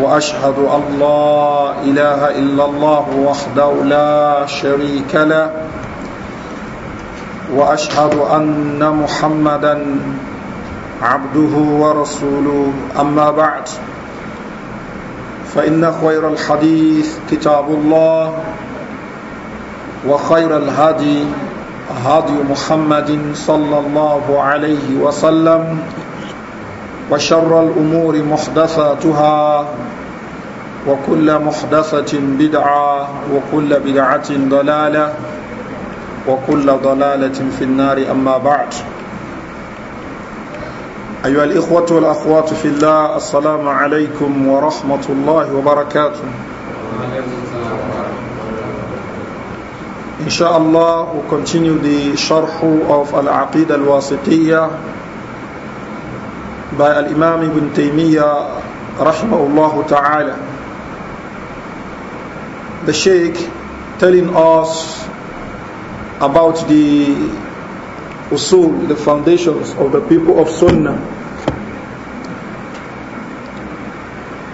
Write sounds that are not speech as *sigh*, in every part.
واشهد ان لا اله الا الله وحده لا شريك له واشهد ان محمدا عبده ورسوله اما بعد فان خير الحديث كتاب الله وخير الهدي هدي محمد صلى الله عليه وسلم وشر الأمور محدثاتها وكل محدثة بدعة وكل بدعة ضلالة وكل ضلالة في النار أما بعد أيها الإخوة والأخوات في الله السلام عليكم ورحمة الله وبركاته إن شاء الله we continue the شرح of Al-Aqidah Al-Wasitiyah by Al-Imam Ibn Taymiyyah rahmahullah ta'ala. The Sheikh telling us about the usul, the foundations of the people of Sunnah.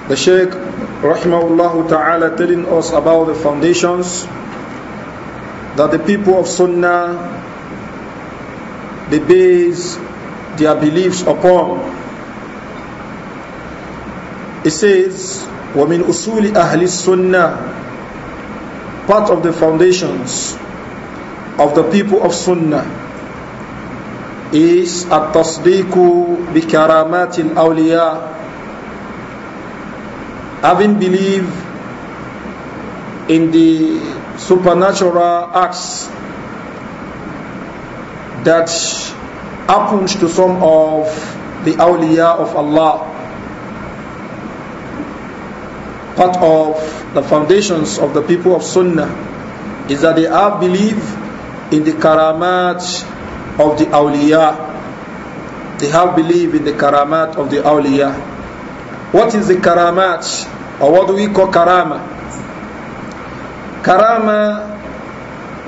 The Sheikh rahmahullah ta'ala telling us about the foundations that the people of Sunnah they base their beliefs upon it says, وَمِنْ أُسُولِ أَهْلِ السُنَّةِ Part of the foundations of the people of Sunnah is التصديق بكرامات الأولياء having belief in the supernatural acts that happened to some of the awliya of Allah part of the foundations of the people of Sunnah is that they have belief in the karamat of the awliya. They have belief in the karamat of the awliya. What is the karamat? Or what do we call karama? Karama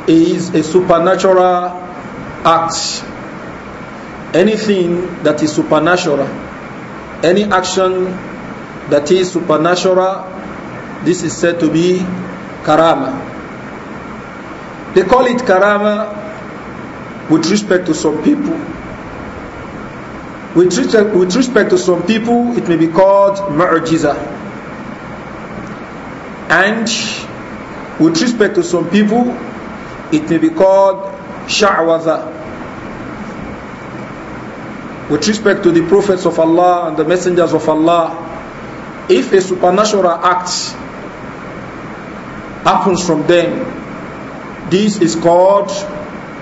is a supernatural act. Anything that is supernatural, any action that is supernatural this is said to be karama. They call it karama with respect to some people. With respect, with respect to some people, it may be called marjiza, And with respect to some people, it may be called sha'waza with respect to the prophets of Allah and the messengers of Allah, if a supernatural act happens from them. This is called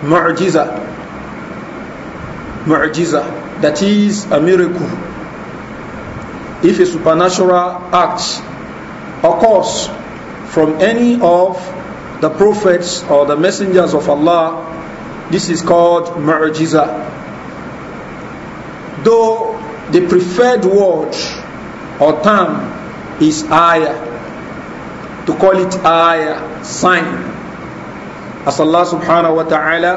mu'jiza. Mu'jiza, that is a miracle. If a supernatural act occurs from any of the prophets or the messengers of Allah, this is called mu'jiza. Though the preferred word or term is ayah, to call it ayah, sign. As Allah subhanahu wa ta'ala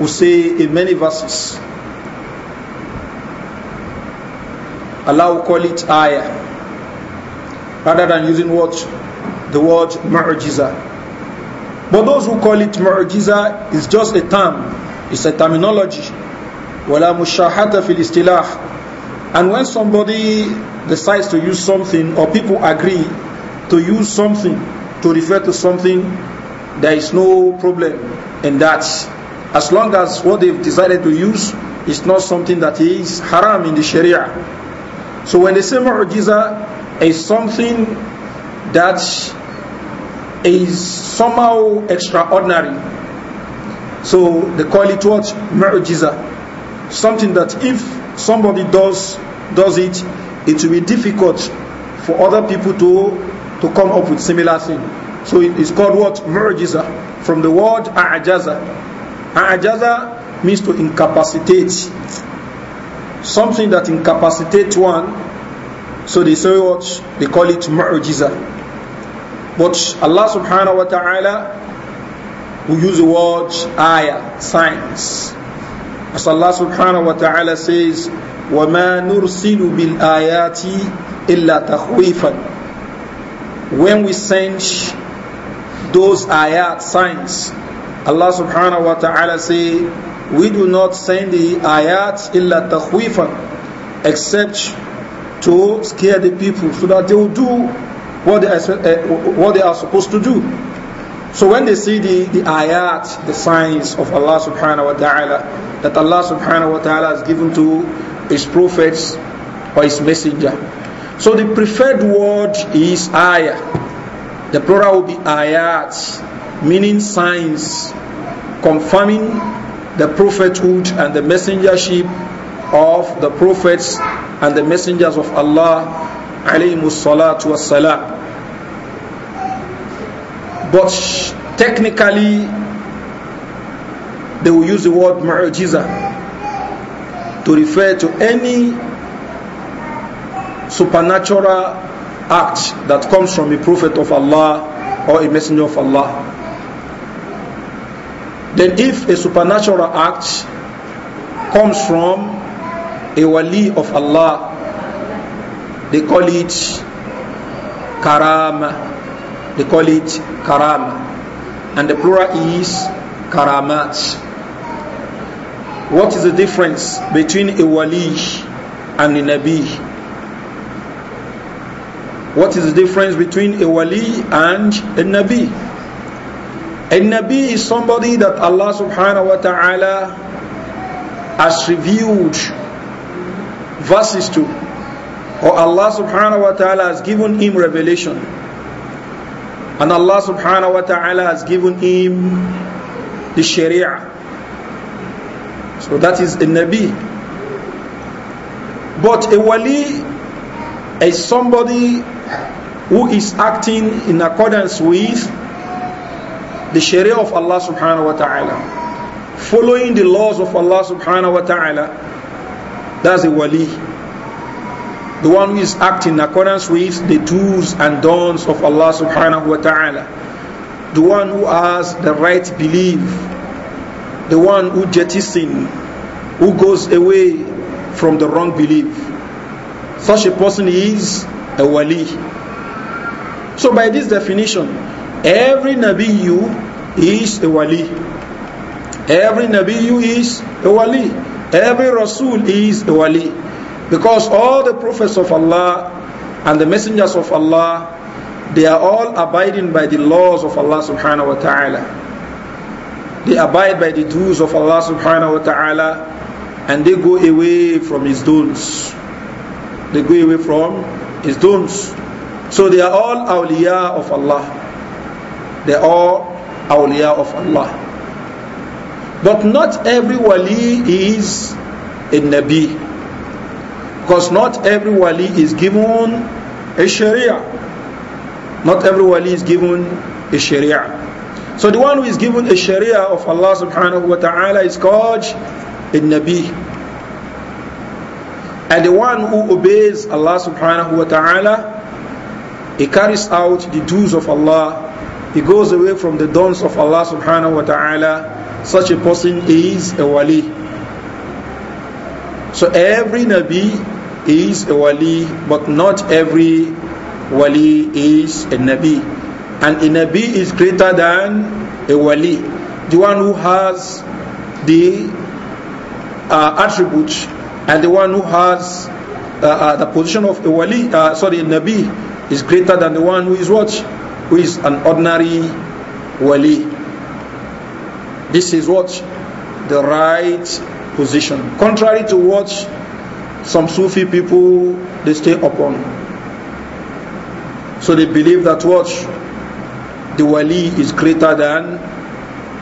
will say in many verses. Allah will call it ayah. Rather than using what? The word mu'jiza. But those who call it mu'jiza is just a term. It's a terminology. And when somebody decides to use something or people agree to use something to refer to something, there is no problem in that. As long as what they've decided to use is not something that is haram in the Sharia. So when they say mu'jiza is something that is somehow extraordinary, so they call it what? Mu'jiza. Something that if somebody does does it, it will be difficult for other people to to come up with similar thing. So it is called what? Mu'jiza. From the word aajaza. Aajaza means to incapacitate. Something that incapacitates one. So they say what? They call it marjiza. But Allah subhanahu wa ta'ala will use the word ayah, signs. As Allah subhanahu wa ta'ala says, وَمَا نُرْسِلُ بِالْآيَاتِ إِلَّا تَخْوِيفًا when we send those ayat signs, Allah subhanahu wa ta'ala say, we do not send the ayat illa takhwifan, except to scare the people so that they will do what they are, eh, what they are supposed to do. So when they see the, the ayat, the signs of Allah subhanahu wa ta'ala, that Allah subhanahu wa ta'ala has given to His prophets or His messenger, so the preferred word is ayah. The plural will be ayat, meaning signs confirming the prophethood and the messengership of the prophets and the messengers of Allah But technically, they will use the word mu'jiza to refer to any supernatural act that comes from a prophet of Allah or a messenger of Allah. Then, if a supernatural act comes from a wali of Allah, they call it karama. They call it karama. And the plural is karamat. What is the difference between a wali and a nabi? What is the difference between a wali and a nabi? A nabi is somebody that Allah subhanahu wa ta'ala has revealed verses to, or Allah subhanahu wa ta'ala has given him revelation. And Allah subhanahu wa ta'ala has given him the Sharia. So that is a Nabi. But a wali is somebody who is acting in accordance with the Sharia of Allah subhanahu wa ta'ala, following the laws of Allah subhanahu wa ta'ala, that's a wali. The one who is acting in accordance with the do's and don'ts of Allah subhanahu wa ta'ala. The one who has the right belief. The one who jettisons, who goes away from the wrong belief. Such a person is a wali. So by this definition, every Nabi you is a wali. Every Nabi you is a wali. Every Rasul is a wali. Because all the prophets of Allah and the messengers of Allah, they are all abiding by the laws of Allah subhanahu wa ta'ala. They abide by the dues of Allah subhanahu wa ta'ala and they go away from his dues. They go away from is dooms, So they are all awliya of Allah. They are all awliya of Allah. But not every wali is a nabi. Because not every wali is given a sharia. Not every wali is given a sharia. So the one who is given a sharia of Allah subhanahu wa ta'ala is called a nabi. And the one who obeys Allah subhanahu wa ta'ala, he carries out the dues of Allah, he goes away from the dons of Allah subhanahu wa ta'ala. Such a person is a wali. So every Nabi is a wali, but not every wali is a Nabi. And a Nabi is greater than a wali, the one who has the uh, and the one who has uh, uh, the position of a wali, uh, sorry, a nabi, is greater than the one who is what? Who is an ordinary wali. This is what? The right position. Contrary to what some Sufi people they stay upon. So they believe that what? The wali is greater than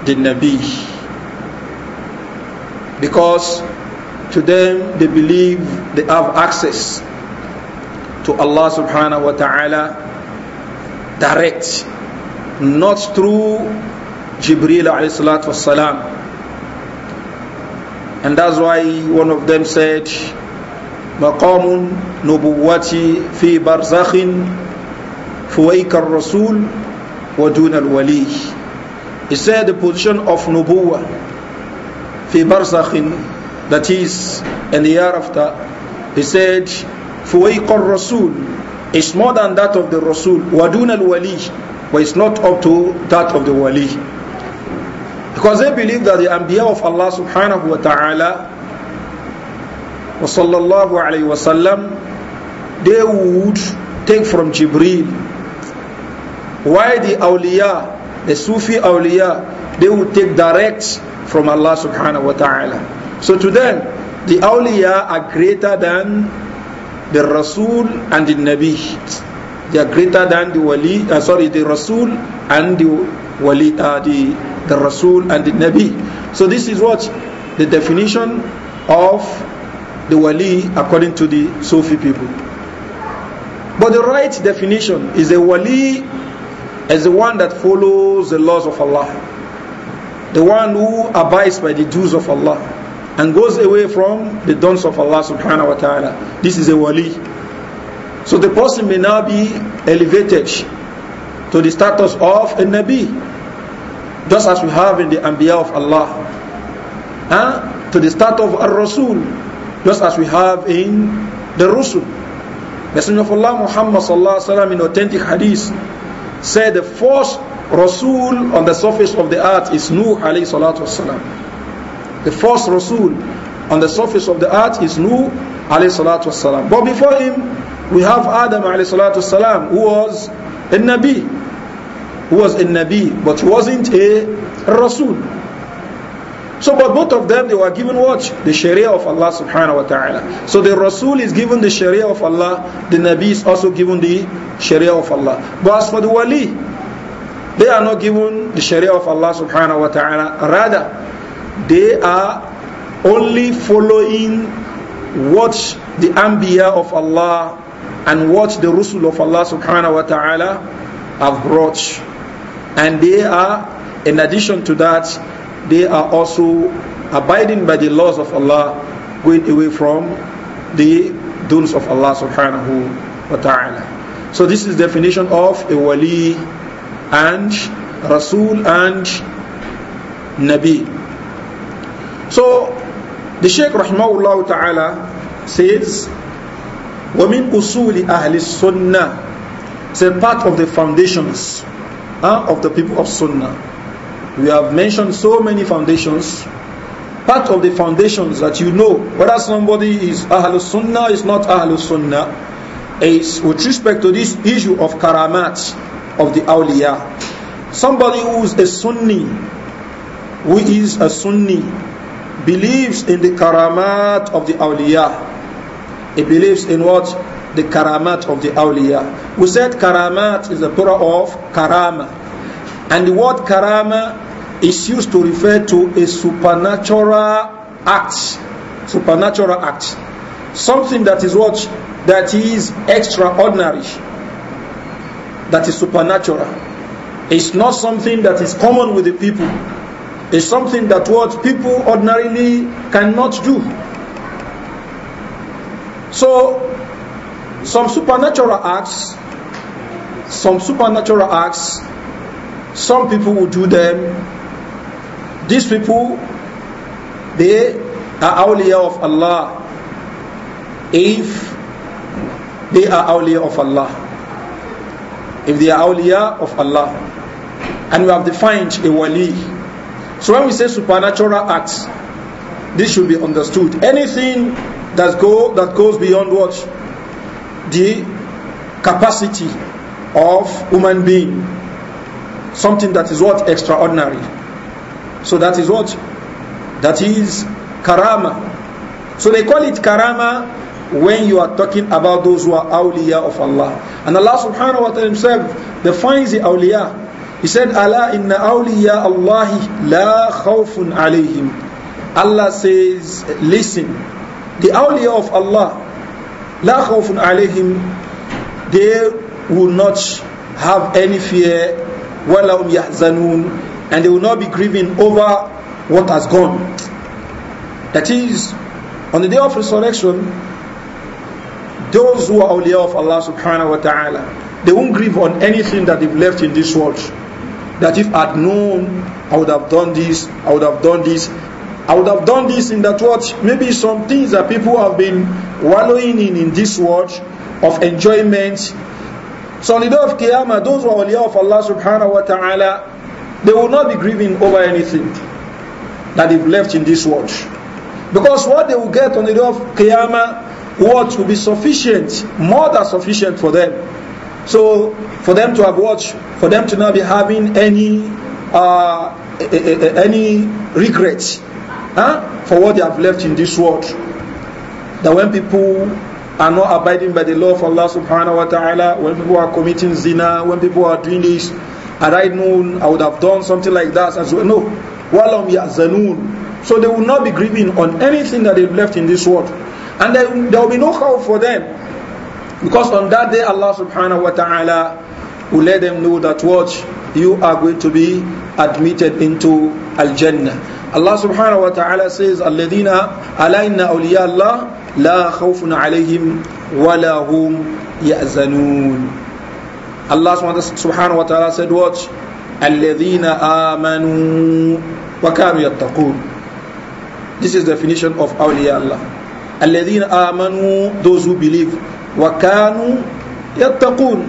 the nabi. Because to them they believe they have access to Allah subhanahu wa ta'ala direct not through Jibril alayhi salatu wasalam and that's why one of them said مقام نبوتي في برزخ فويك الرسول ودون الولي he said the position of nubuwa في برزخ that is in the year after he said فويق rasul is more than that of the Rasul wadun al-wali but it's not up to that of the wali because they believe that the anbiya of Allah subhanahu wa ta'ala sallallahu alayhi wa they would take from Jibril why the awliya the Sufi awliya they would take direct from Allah subhanahu wa ta'ala so to them, the awliya are greater than the Rasul and the Nabi. They are greater than the wali, uh, sorry, the Rasul and the wali, uh, the, the Rasul and the Nabi. So this is what the definition of the wali according to the Sufi people. But the right definition is a wali as the one that follows the laws of Allah, the one who abides by the dues of Allah and goes away from the dawns of Allah subhanahu wa ta'ala. This is a wali. So the person may now be elevated to the status of a nabi, just as we have in the anbiya of Allah, huh? to the status of a rasul, just as we have in the rusul. Messenger of Allah Muhammad sallallahu alaihi wasallam in authentic hadith said the first rasul on the surface of the earth is Nuh alayhi salatu Sallam." The first Rasul on the surface of the earth is Nuh alayhi salatu wasalam. But before him, we have Adam alayhi salatu wasalam, who was a Nabi, who was a Nabi, but wasn't a Rasul. So, but both of them, they were given what? The Sharia of Allah subhanahu wa ta'ala. So the Rasul is given the Sharia of Allah, the Nabi is also given the Sharia of Allah. But as for the Wali, they are not given the Sharia of Allah subhanahu wa ta'ala. Rather, they are only following what the Anbiya of Allah and what the Rasul of Allah subhanahu wa ta'ala have brought. And they are, in addition to that, they are also abiding by the laws of Allah, going away from the duns of Allah subhanahu wa ta'ala. So this is definition of a wali and Rasul and Nabi. So the Sheikh Rahimahullah Ta'ala says, وَمِنْ أُسُولِ أَهْلِ السُنَّةِ It's a part of the foundations uh, of the people of Sunnah. We have mentioned so many foundations. Part of the foundations that you know, whether somebody is Ahlul Sunnah, is not Ahlul Sunnah, is with respect to this issue of karamat of the awliya. Somebody who is a Sunni, who is a Sunni, believes in the karamat of the awliya. He believes in what? The karamat of the awliya. We said karamat is the plural of karama. And the word karama is used to refer to a supernatural act. Supernatural act. Something that is what? That is extraordinary. That is supernatural. It's not something that is common with the people is something that what people ordinarily cannot do. So, some supernatural acts, some supernatural acts, some people will do them. These people, they are awliya of Allah if they are awliya of Allah. If they are awliya of Allah. And we have defined a wali so when we say supernatural acts, this should be understood. Anything that go that goes beyond what the capacity of human being, something that is what extraordinary. So that is what that is karama. So they call it karama when you are talking about those who are awliya of Allah. And Allah subhanahu wa ta'ala himself defines the awliya he said, Allah inna awliya Allahi la khawfun alayhim. Allah says, listen, the awliya of Allah, la khawfun alayhim, they will not have any fear, wala yahzanun, and they will not be grieving over what has gone. That is, on the day of resurrection, those who are awliya of Allah subhanahu wa ta'ala, they won't grieve on anything that they've left in this world. that if I'd known, I would have done this, I would have done this, I would have done this in that watch. Maybe some things that people have been wallowing in in this watch of enjoyment. So on the day of Qiyamah, those who are awliya of Allah subhanahu wa ta'ala, they will not be grieving over anything that they've left in this watch. Because what they will get on the day of Qiyamah, what will be sufficient, more than sufficient for them. So for them to have watched, for them to not be having any uh, any regrets huh? for what they have left in this world. That when people are not abiding by the law of Allah subhanahu wa ta'ala, when people are committing zina, when people are doing this, had I known I would have done something like that as well. No. Walam yazanun. So they will not be grieving on anything that they've left in this world. And there will be no hope for them because on that day, Allah subhanahu wa ta'ala will let them know that what you are going to be admitted into Al Jannah. Allah subhanahu wa ta'ala says, Alladina alayna awliya Allah la khawfun alayhim wa la hum ya'zanun. Allah subhanahu wa ta'ala said, What? Alladina amanu wa kanu yattaqun. This is the definition of awliya Allah. Alladina amanu, those who believe. وَكَانُوا يَتَّقُونَ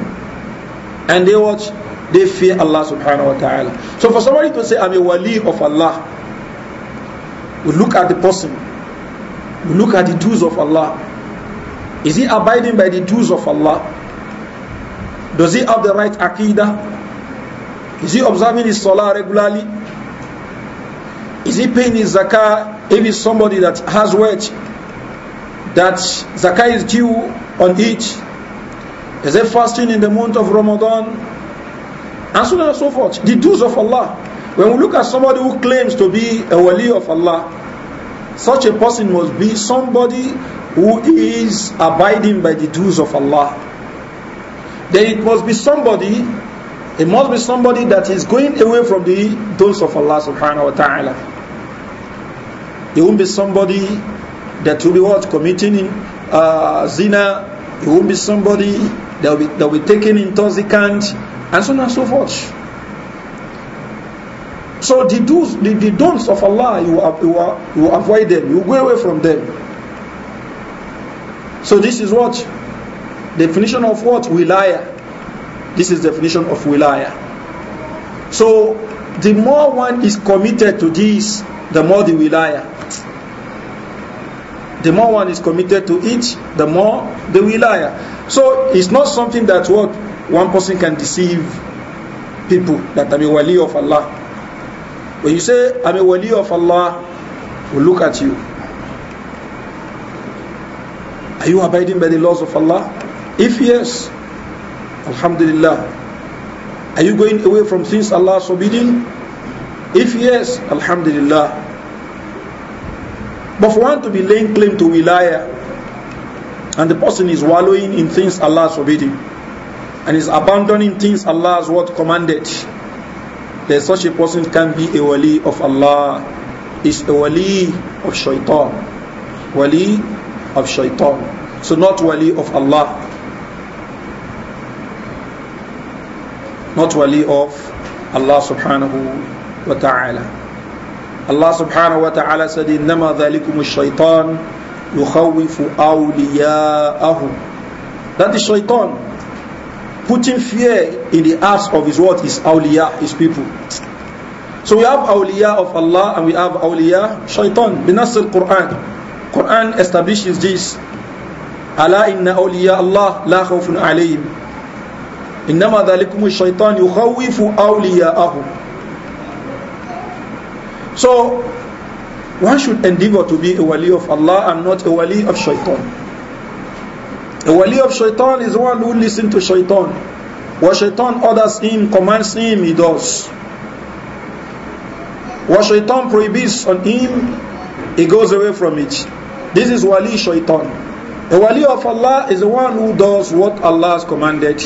And they watch, they fear Allah subhanahu wa ta'ala. So for somebody to say, I'm a wali of Allah, we look at the person, we look at the dues of Allah. Is he abiding by the dues of Allah? Does he have the right aqidah? Is he observing his salah regularly? Is he paying his zakah if he's somebody that has wealth that zakah is due on each, Is it fasting in the month of Ramadan? And so on and so forth. The dues of Allah. When we look at somebody who claims to be a wali of Allah, such a person must be somebody who is abiding by the dues of Allah. Then it must be somebody, it must be somebody that is going away from the dues of Allah subhanahu wa ta'ala. It won't be somebody that will be what? Committing uh, zina it won't be somebody that will be, that will be taken intoxicant and so on and so forth. So the do's, the, the don'ts of Allah, you you, you avoid them. You go away from them. So this is what definition of what wilaya. This is definition of wilaya. So the more one is committed to this, the more the wilaya the more one is committed to it, the more they will lie. So it's not something that what one person can deceive people that I'm a wali of Allah. When you say I'm a wali of Allah, we look at you. Are you abiding by the laws of Allah? If yes, Alhamdulillah. Are you going away from things Allah is forbidding? If yes, Alhamdulillah. But for one to be laying claim to wilaya, and the person is wallowing in things Allah has forbidden, and is abandoning things Allah has what commanded, then such a person can be a wali of Allah, is a wali of shaitan, wali of shaitan. So not wali of Allah. Not wali of Allah subhanahu wa ta'ala. الله سبحانه وتعالى سد إنما ذلكم الشيطان يخوف أولياءه That is shaitan putting fear in the hearts of his what is awliya, his people. So we have awliya of Allah and we have awliya shaitan. Binas al-Quran. Quran establishes this. Ala inna awliya Allah la khawfun alayhim. عليهم إنما ذلكم الشيطان يخوف أولياءه So, one should endeavor to be a wali of Allah and not a wali of shaitan. A wali of shaitan is one who listens to shaitan. What shaitan orders him, commands him, he does. What shaitan prohibits on him, he goes away from it. This is wali shaitan. A wali of Allah is the one who does what Allah has commanded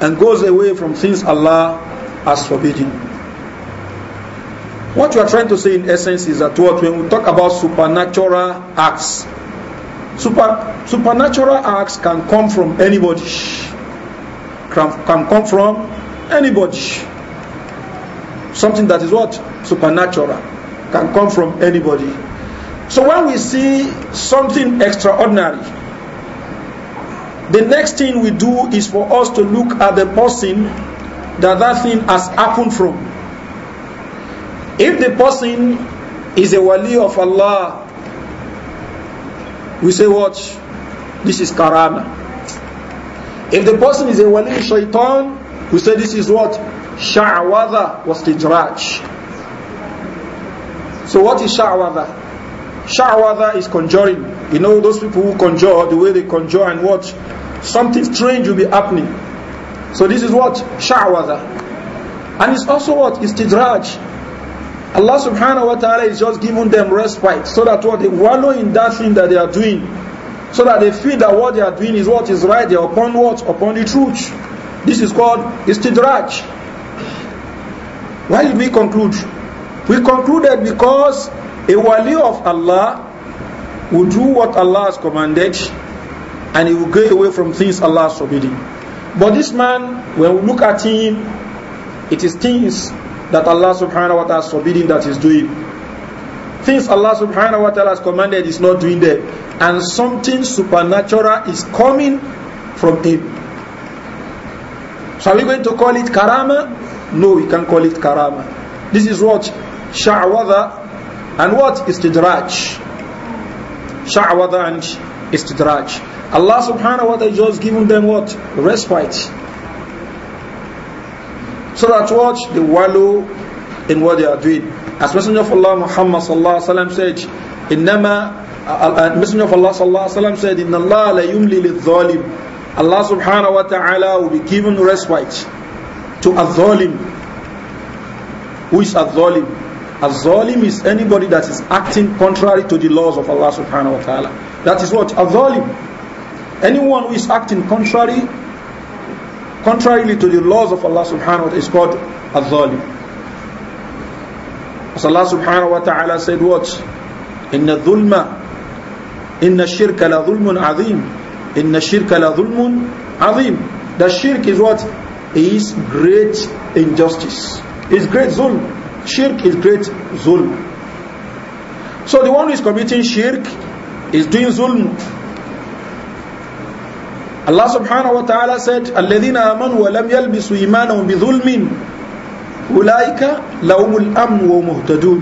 and goes away from things Allah has forbidden. What you are trying to say in essence is that what when we talk about supernatural acts, super, supernatural acts can come from anybody. Can, can come from anybody. Something that is what? Supernatural. Can come from anybody. So when we see something extraordinary, the next thing we do is for us to look at the person that that thing has happened from. If the person is a wali of Allah, we say, watch, this is karama. If the person is a wali shaitan, we say this is what? Sha'wada was tijraj. So what is sha'wada? Sha'wada is conjuring. You know those people who conjure, the way they conjure and what? Something strange will be happening. So this is what? Sha'wada. And it's also what? Istidraj. Allah subhanahu wa ta'ala is just giving them respite so that what they wallow in that thing that they are doing, so that they feel that what they are doing is what is right, they are upon what? Upon the truth. This is called istidraj. Why did we conclude? We concluded because a wali of Allah will do what Allah has commanded and he will go away from things Allah has forbidden. But this man, when we look at him, it is things that Allah subhanahu wa ta'ala is forbidding that he's doing. Things Allah subhanahu wa ta'ala has commanded is not doing there. And something supernatural is coming from him. So are we going to call it karama? No, we can not call it karama. This is what? Sha'wada and what? Istidraj. Sha'wada and istidraj. Allah subhanahu wa ta'ala just given them what? Respite. So that what? They wallow in what they are doing. As Messenger of Allah Muhammad sallallahu alaihi said, "Innama," uh, uh, Messenger of Allah sallallahu alaihi said, "Inna Allah la yumli lidhalim." Allah subhanahu wa taala will be given respite to a zalim. Who is a zalim? A zalim is anybody that is acting contrary to the laws of Allah subhanahu wa taala. That is what a zalim. Anyone who is acting contrary contrarily to the laws of Allah subhanahu wa ta'ala is called al-zalim. As Allah subhanahu wa ta'ala said what? Inna dhulma, inna shirka la dhulmun azim, inna shirka la dhulmun azim. The shirk is what? Is great injustice. Is great zulm. Shirk is great zulm. So the one who is committing shirk is doing zulm Allah subhanahu wa ta'ala said, الَّذِينَ آمَنُوا وَلَمْ يَلْبِسُوا إِيمَانَهُمْ بِظُلْمٍ أُولَٰئِكَ لَهُمُ الْأَمْنُ وَمُهْتَدُونَ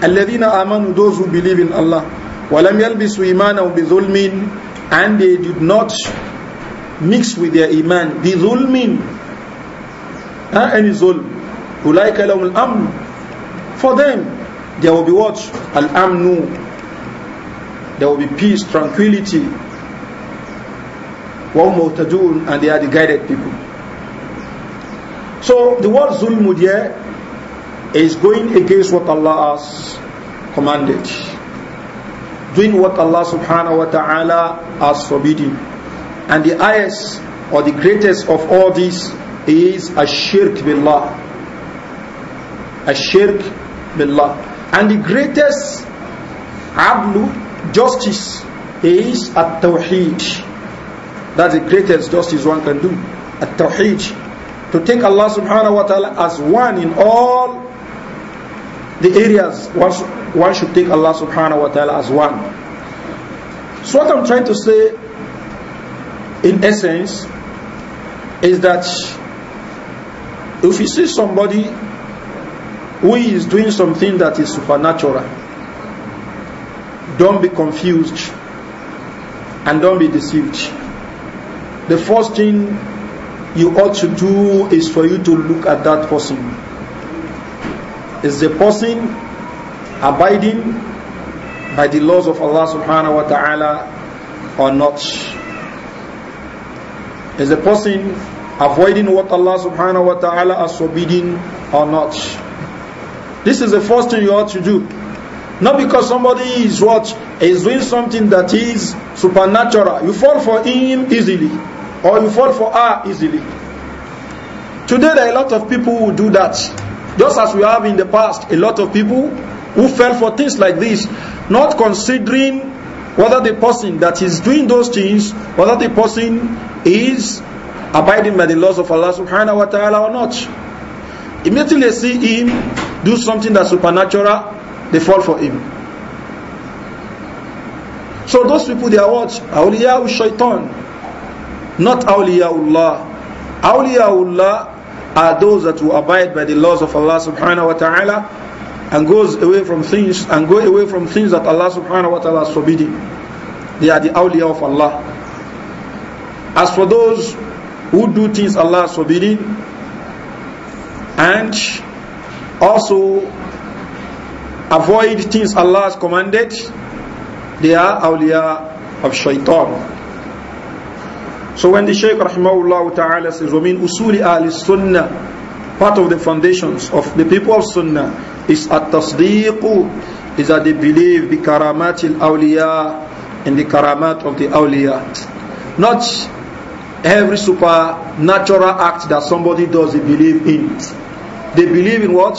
الَّذِينَ آمَنُوا Those who believe in Allah. وَلَمْ يَلْبِسُوا إِيمَانَهُمْ بِظُلْمٍ And they did not mix with their iman. بِظُلْمٍ huh? Any zulm. أُولَٰئِكَ لَهُمُ الْأَمْنُ For them, there will be what? Al-amnu. There will be peace, tranquility, وَهُمْ and they are the guided people. So the word Zulmudiyah is going against what Allah has commanded. Doing what Allah subhanahu wa ta'ala has forbidden. And the highest or the greatest of all these is Ashirk Billah. Ashirk Billah. And the greatest Ablu, justice, is At-Tawheed. That's the greatest justice one can do. At Tawheed. To take Allah subhanahu wa ta'ala as one in all the areas one, one should take Allah subhanahu wa ta'ala as one. So what I'm trying to say in essence is that if you see somebody who is doing something that is supernatural, don't be confused and don't be deceived the first thing you ought to do is for you to look at that person. Is the person abiding by the laws of Allah subhanahu wa ta'ala or not? Is the person avoiding what Allah subhanahu wa ta'ala has forbidden or not? This is the first thing you ought to do. Not because somebody is what is doing something that is supernatural. You fall for him easily or you fall for her easily. Today, there are a lot of people who do that. Just as we have in the past, a lot of people who fell for things like this, not considering whether the person that is doing those things, whether the person is abiding by the laws of Allah subhanahu wa ta'ala or not. Immediately they see him do something that's supernatural, they fall for him. So those people, they are what? Awliya shaitan not awliyaullah. Awliyaullah are those that will abide by the laws of Allah subhanahu wa ta'ala and goes away from things and go away from things that Allah subhanahu wa ta'ala has forbidden. They are the awliya of Allah. As for those who do things Allah has forbidden and also avoid things Allah has commanded, they are awliya of shaitan. So when the Shaykh rahimahullah ta'ala says, وَمِنْ usuli أَهْلِ Sunnah," Part of the foundations of the people of Sunnah is at tasdiqu is that they believe the karamatil awliya and the karamat of the awliya. Not every supernatural act that somebody does they believe in. They believe in what?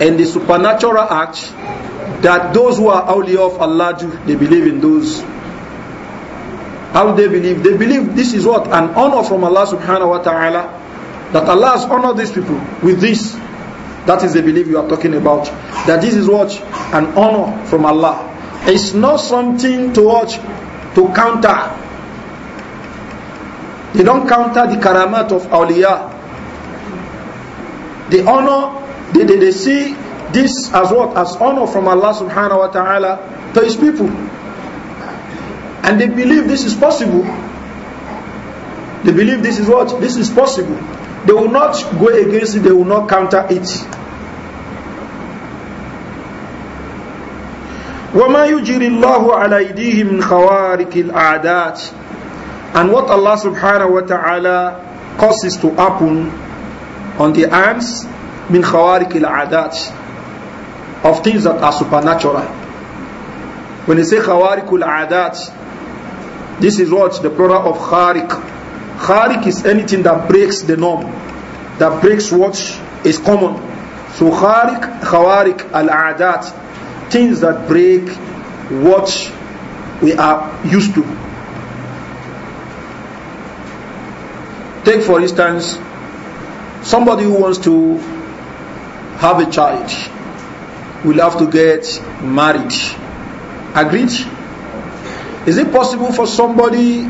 And the supernatural act that those who are awliya of Allah do, they believe in those how they believe? They believe this is what? An honor from Allah subhanahu wa ta'ala. That Allah has honored these people with this. That is the belief you are talking about. That this is what? An honor from Allah. It's not something to watch, to counter. They don't counter the karamat of awliya. They honor, they, they, they see this as what? As honor from Allah subhanahu wa ta'ala to his people. And they believe this is possible. They believe this is what? This is possible. They will not go against it, they will not counter it. وَمَا يُجْرِ اللَّهُ مِنْ خَوَارِكِ And what Allah subhanahu wa ta'ala causes to happen on the arms, min خَوَارِكِ الْأَعْدَاءِ Of things that are supernatural. When they say خَوَارِكُ الْأَعْدَاءِ this is what the plural of kharik. Kharik is anything that breaks the norm, that breaks what is common. So kharik, khawarik, al-adat, things that break what we are used to. Take for instance, somebody who wants to have a child will have to get married. Agreed? Is it possible for somebody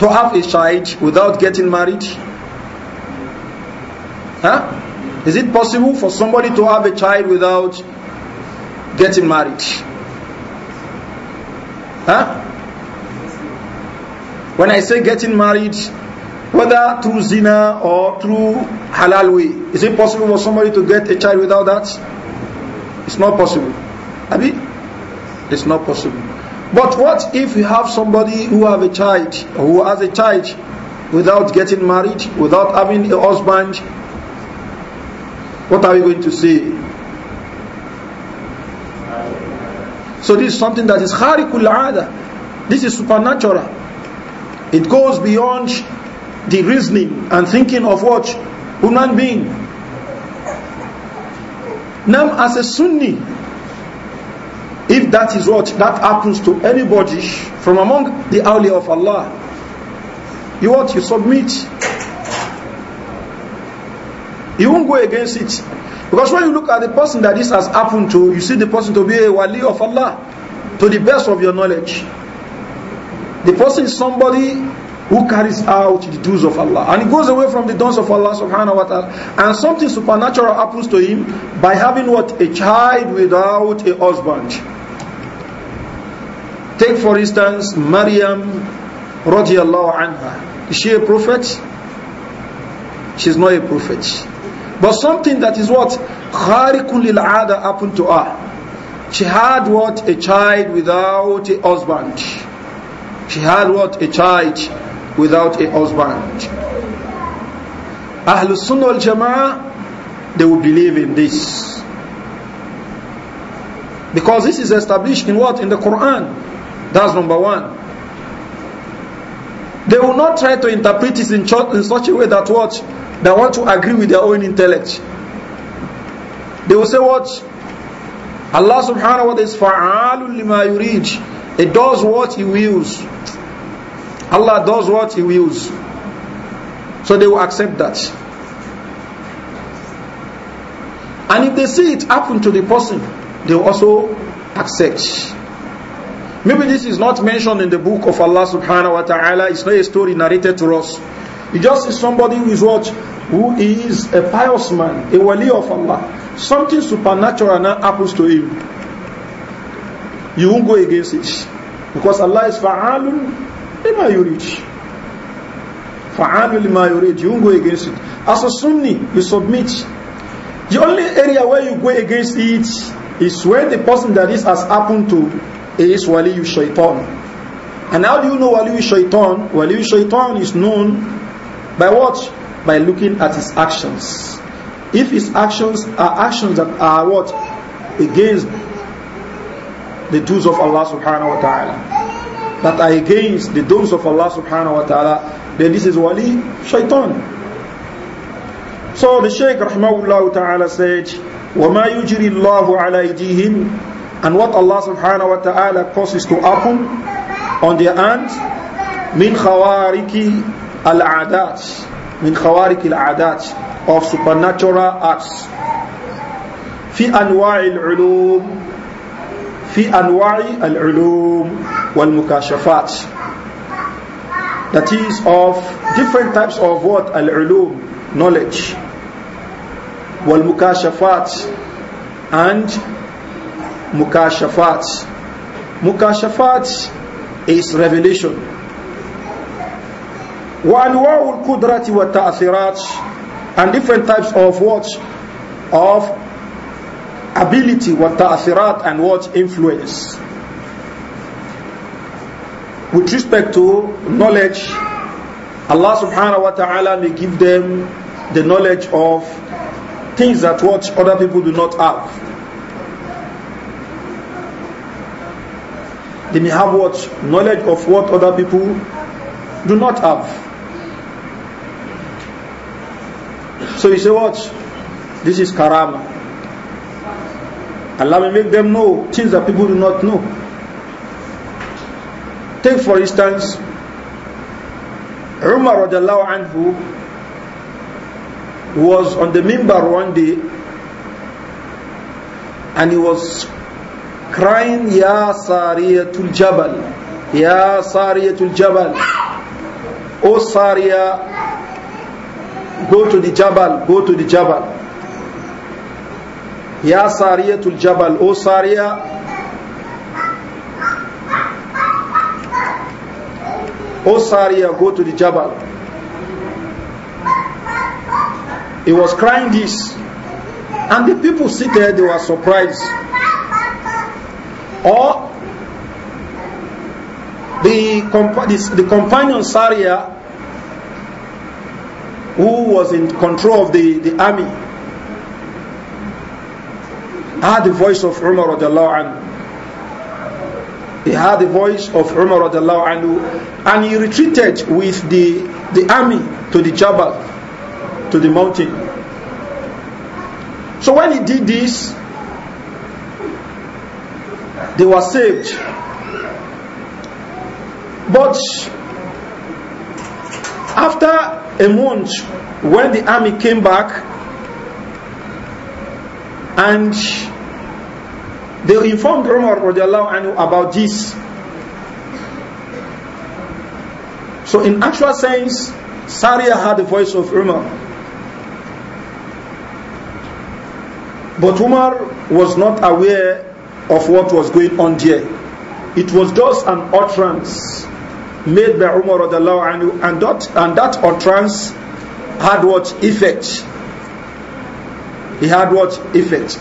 to have a child without getting married? Huh? Is it possible for somebody to have a child without getting married? Huh? When I say getting married, whether through zina or through halal way, is it possible for somebody to get a child without that? It's not possible. Abi? It's not possible. But what if you have somebody who have a child, who has a child without getting married, without having a husband? What are we going to say? So this is something that is kharikul ada. This is supernatural. It goes beyond the reasoning and thinking of what human being. Now, as a Sunni, If that is what that happens to anybody from among the awliya of Allah, you what you submit. You won't go against it. Because when you look at the person that this has happened to, you see the person to be a wali of Allah, to the best of your knowledge. The person is somebody who carries out the dues of Allah. And he goes away from the dues of Allah subhanahu wa ta'ala. And something supernatural happens to him by having what? A child without a husband. Take for instance Maryam radiallahu anha. Is she a prophet? She's not a prophet. But something that is what? Kharikun lil happened to her. She had what? A child without a husband. She had what? A child without a husband. Ahlul Sunnah wal Jama'ah, they will believe in this. Because this is established in what? In the Quran. That's number one. They will not try to interpret it in, in such a way that what? They want to agree with their own intellect. They will say what? Allah subhanahu wa ta'ala is yurid. It does what He wills. Allah does what He wills. So they will accept that. And if they see it happen to the person, they will also accept. Maybe this is not mentioned in the book of Allah subhanahu wa ta'ala. It's not a story narrated to us. It just is somebody who is what? Who is a pious man, a wali of Allah. Something supernatural now happens to him. You won't go against it. Because Allah is fa'alun lima yurid. Fa'alun lima yurid. You won't go against it. As a Sunni, you submit. The only area where you go against it is where the person that this has happened to is Waliyu Shaitan. And how do you know Waliyu Shaitan? Waliyu Shaitan is known by what? By looking at his actions. If his actions are actions that are what? Against the dues of Allah subhanahu wa ta'ala. That are against the dues of Allah subhanahu wa ta'ala, then this is Wali Shaitan. So the Shaykh rahmahullah ta'ala said, وَمَا يُجْرِ اللَّهُ عَلَى أَيْدِيهِمْ and what Allah subhanahu wa ta'ala causes to happen on their hands, min khawariki al-adat, min khawariki al-adat, of supernatural acts. Fi anwa'i al-ulum, fi anwa'i al-ulum wal-mukashafat. That is of different types of what? Al-ulum, knowledge. Wal-mukashafat, and mukashafat mukashafat is revelation wa anwa'ul qudrati wa ta'thirat and different types of what of ability wa ta'thirat and what influence with respect to knowledge Allah subhanahu wa ta'ala may give them the knowledge of things that what other people do not have They may have what? Knowledge of what other people do not have. So you say what? This is karama. Allah will make them know things that people do not know. Take for instance, Umar radiallahu anhu was on the mimbar one day and he was crying, Ya Sariyatul Jabal, Ya Sariyatul Jabal, O Sariya, go to the Jabal, go to the Jabal. Ya Sariyatul Jabal, O Sariya, O Sariya, go to the Jabal. He was crying this. And the people sitting there, they were surprised. Or the, the companion Saria, who was in control of the, the army, had the voice of Umar anhu. He had the voice of Umar anhu, and he retreated with the, the army to the Jabal, to the mountain. So when he did this, they were saved. But after a month, when the army came back and they informed Umar about this. So, in actual sense, Saria had the voice of Umar. But Umar was not aware of what was going on there. It was just an utterance made by Umar anhu, and that, and that utterance had what effect? He had what effect?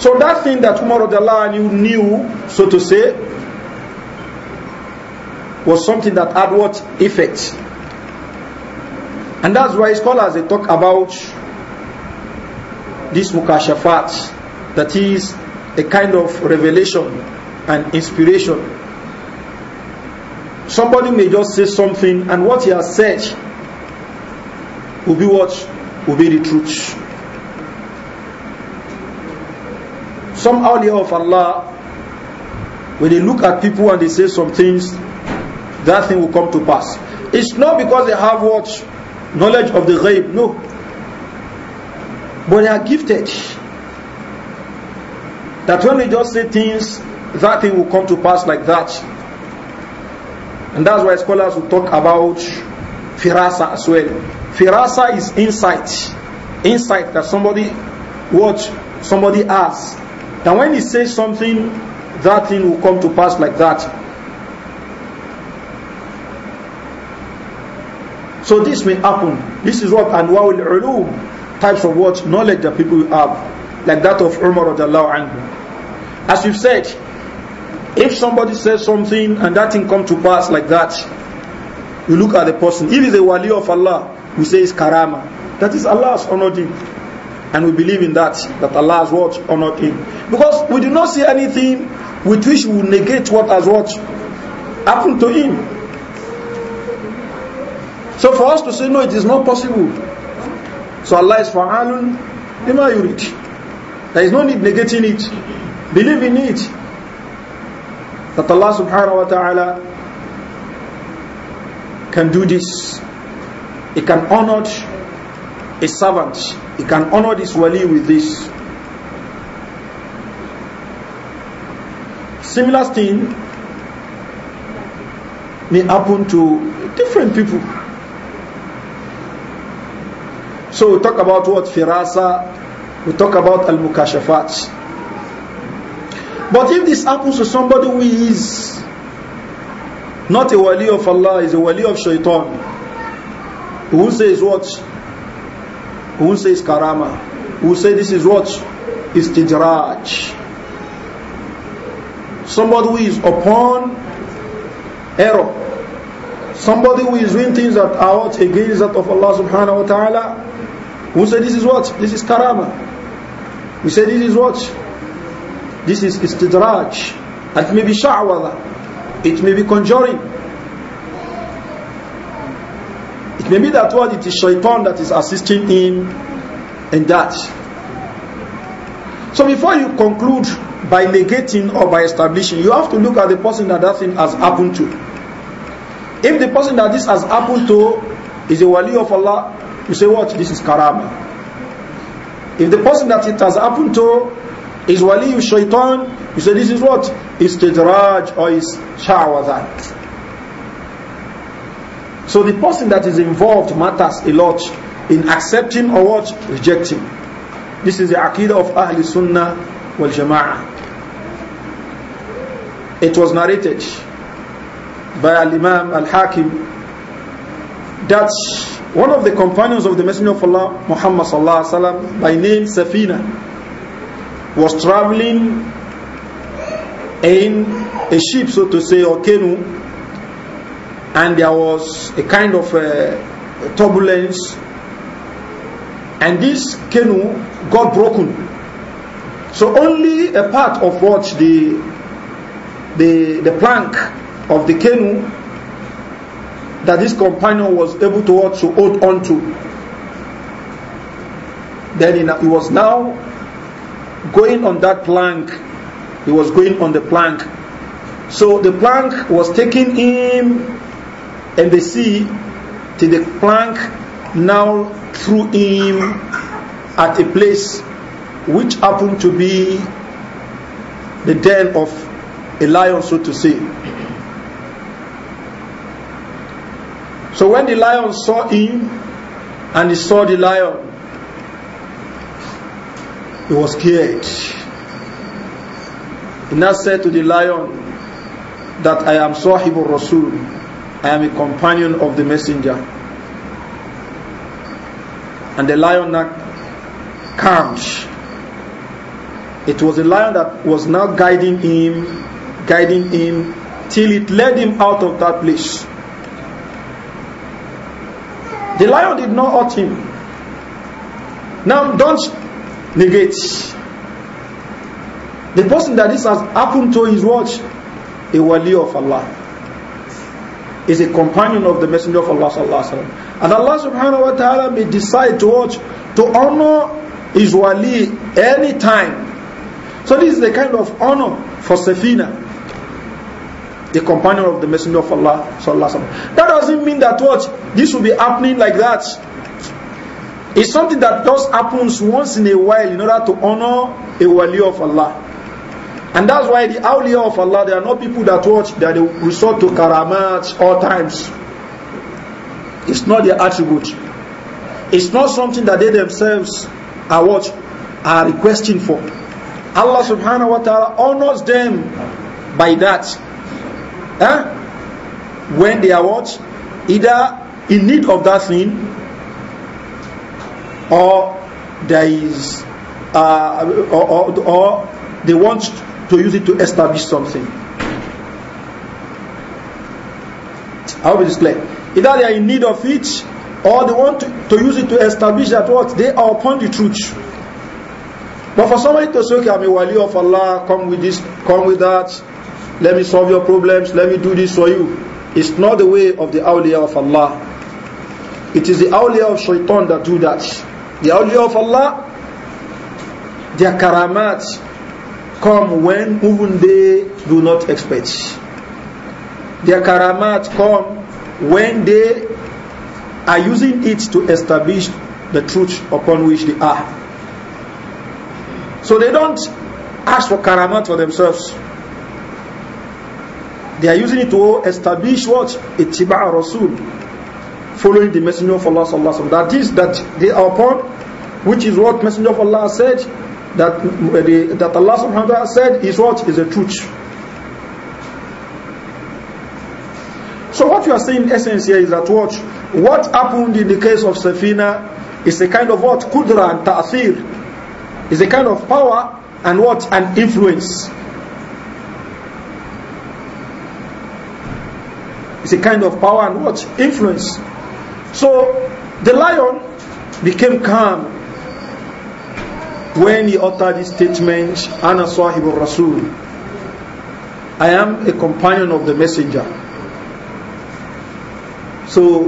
So that thing that Umar anhu knew, so to say, was something that had what effect? And that's why scholars they talk about this mukashafat, that is a kind of revelation and inspiration. Somebody may just say something, and what he has said will be what? Will be the truth. Some awliya of Allah, when they look at people and they say some things, that thing will come to pass. It's not because they have what? Knowledge of the ghaib, no. But they are gifted That when we just say things, that thing will come to pass like that. And that's why scholars will talk about firasa as well. Firasa is insight. Insight that somebody what somebody has. That when he says something, that thing will come to pass like that. So this may happen. This is what Anwar al-Ulum, types of what knowledge that people have like that of Umar radiallahu anhu. As we've said, if somebody says something and that thing come to pass like that, we look at the person. If it is a wali of Allah, we say it's karama. That is Allah's honored him. And we believe in that, that Allah has what? Honored him. Because we do not see anything with which we negate what has what? Happened to him. So for us to say no, it is not possible. So Allah is fa'alun lima yurid. There is no need negating it. Believe in it. That Allah subhanahu wa ta'ala can do this. He can honor a servant. He can honor this wali with this. Similar thing may happen to different people. So we talk about what firasa we talk about al mukashafat. But if this happens to somebody who is not a wali of Allah, is a wali of shaitan, who says what? Who says karama? Who say this is what? Is tidraj. Somebody who is upon error. Somebody who is doing things that are out against that of Allah subhanahu wa ta'ala. Who say this is what? This is karama. We say this is what? This is istidraj. It may be sha'wala. It may be conjuring. It may be that what it is shaitan that is assisting him in that. So before you conclude by negating or by establishing, you have to look at the person that that thing has happened to. If the person that this has happened to is a wali of Allah, you say what? This is karama. If the person that it has happened to is wali of shaitan, you say this is what? Istidraj or is shawazat. So the person that is involved matters a lot in accepting or what? Rejecting. This is the aqidah of Ahli Sunnah wal Jama'ah. It was narrated by Al Imam Al Hakim that one of the companions of the Messenger of Allah, Muhammad sallallahu wa sallam, by name Safina, was traveling in a ship, so to say, or canoe, and there was a kind of uh, turbulence, and this canoe got broken. So only a part of what the the, the plank of the canoe that this companion was able to, what, to hold on to. Then he was now going on that plank. He was going on the plank. So the plank was taking him and the sea till the plank now threw him at a place which happened to be the den of a lion, so to say. So when the lion saw him and he saw the lion, he was scared. He now said to the lion that I am Sahib Rasul, I am a companion of the messenger. And the lion calmed. It was a lion that was now guiding him, guiding him till it led him out of that place. The lion did not hurt him. Now, don't negate. The person that this has happened to is what? A wali of Allah. Is a companion of the Messenger of Allah. And Allah subhanahu wa ta'ala may decide to watch, to honor his wali anytime. So, this is the kind of honor for Safina the companion of the Messenger of Allah. That doesn't mean that what this will be happening like that. It's something that just happens once in a while in order to honor a wali of Allah. And that's why the awliya of Allah, they are not people that watch, that they resort to karamat all times. It's not their attribute. It's not something that they themselves are what are requesting for. Allah subhanahu wa ta'ala honors them by that. When they are what? Either in need of that thing or there is uh, or, or, or they want to use it to establish something. I hope it is clear. Either they are in need of it, or they want to, to, use it to establish that what they are upon the truth. But for somebody to say, okay, I'm a wali of Allah, come with this, come with that, let me solve your problems, let me do this for you. It's not the way of the awliya of Allah. It is the awliya of shaitan that do that. The awliya of Allah, their karamat come when even they do not expect. Their karamat come when they are using it to establish the truth upon which they are. So they don't ask for karamat for themselves. They are using it to establish what? Ittiba Rasul, following the Messenger of Allah sallallahu That is that they are upon, which is what Messenger of Allah said, that uh, the, that Allah subhanahu wa ta'ala said is what? Is the truth. So what you are saying in essence here is that what what happened in the case of Safina is a kind of what? Kudra and ta'athir. Is a kind of power and what? an influence. It's a kind of power and what? Influence. So the lion became calm when he uttered this statement, Ana Sahibur Rasul, I am a companion of the messenger. So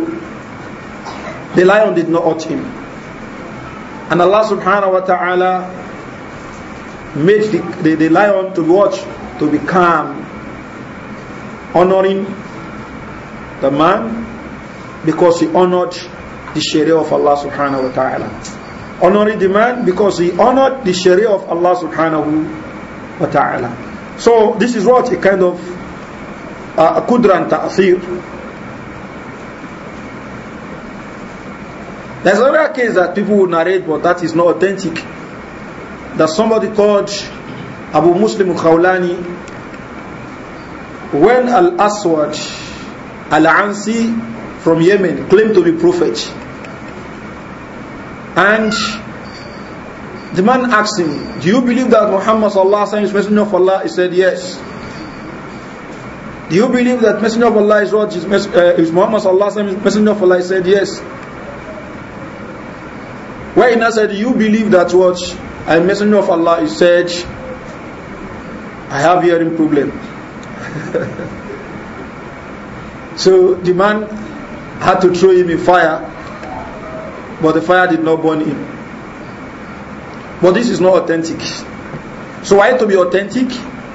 the lion did not hurt him. And Allah subhanahu wa ta'ala made the, the, the lion to watch, to be calm, honoring the man because he honored the Sharia of Allah subhanahu wa ta'ala. Honoring the man because he honored the Sharia of Allah subhanahu wa ta'ala. So this is what a kind of uh, kudra and ta'athir. There's another case that people will narrate but that is not authentic. That somebody called Abu Muslim al-Khawlani when Al-Aswad Al-Ansi from Yemen claimed to be prophet. And the man asked him, Do you believe that Muhammad is messenger of Allah? He said, Yes. Do you believe that messenger of Allah is what? Is, uh, is Muhammad is messenger of Allah? He said, Yes. Why he said, Do you believe that what? I'm messenger of Allah? He said, I have hearing problem. *laughs* So the man had to throw him in fire, but the fire did not burn him. But this is not authentic. So why to be authentic?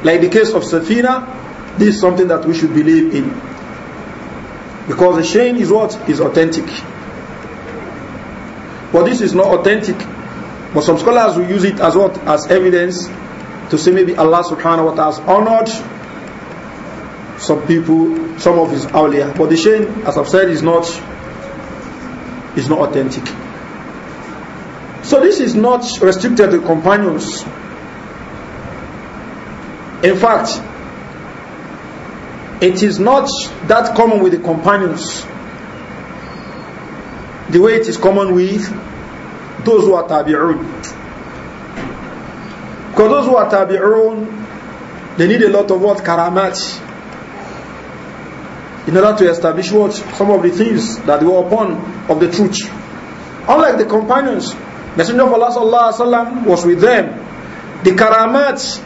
Like the case of Safina, this is something that we should believe in. Because the Shane is what? Is authentic. But this is not authentic. But some scholars will use it as what? As evidence to say maybe Allah subhanahu wa ta'ala has honored some people, some of his awliya. But the chain, as I've said, is not is not authentic. So this is not restricted to companions. In fact, it is not that common with the companions the way it is common with those who are tabi'un. Because those who are tabi'un, they need a lot of what? Karamat in order to establish what some of the things that were upon of the truth. Unlike the companions, Messenger of Allah was with them. The karamats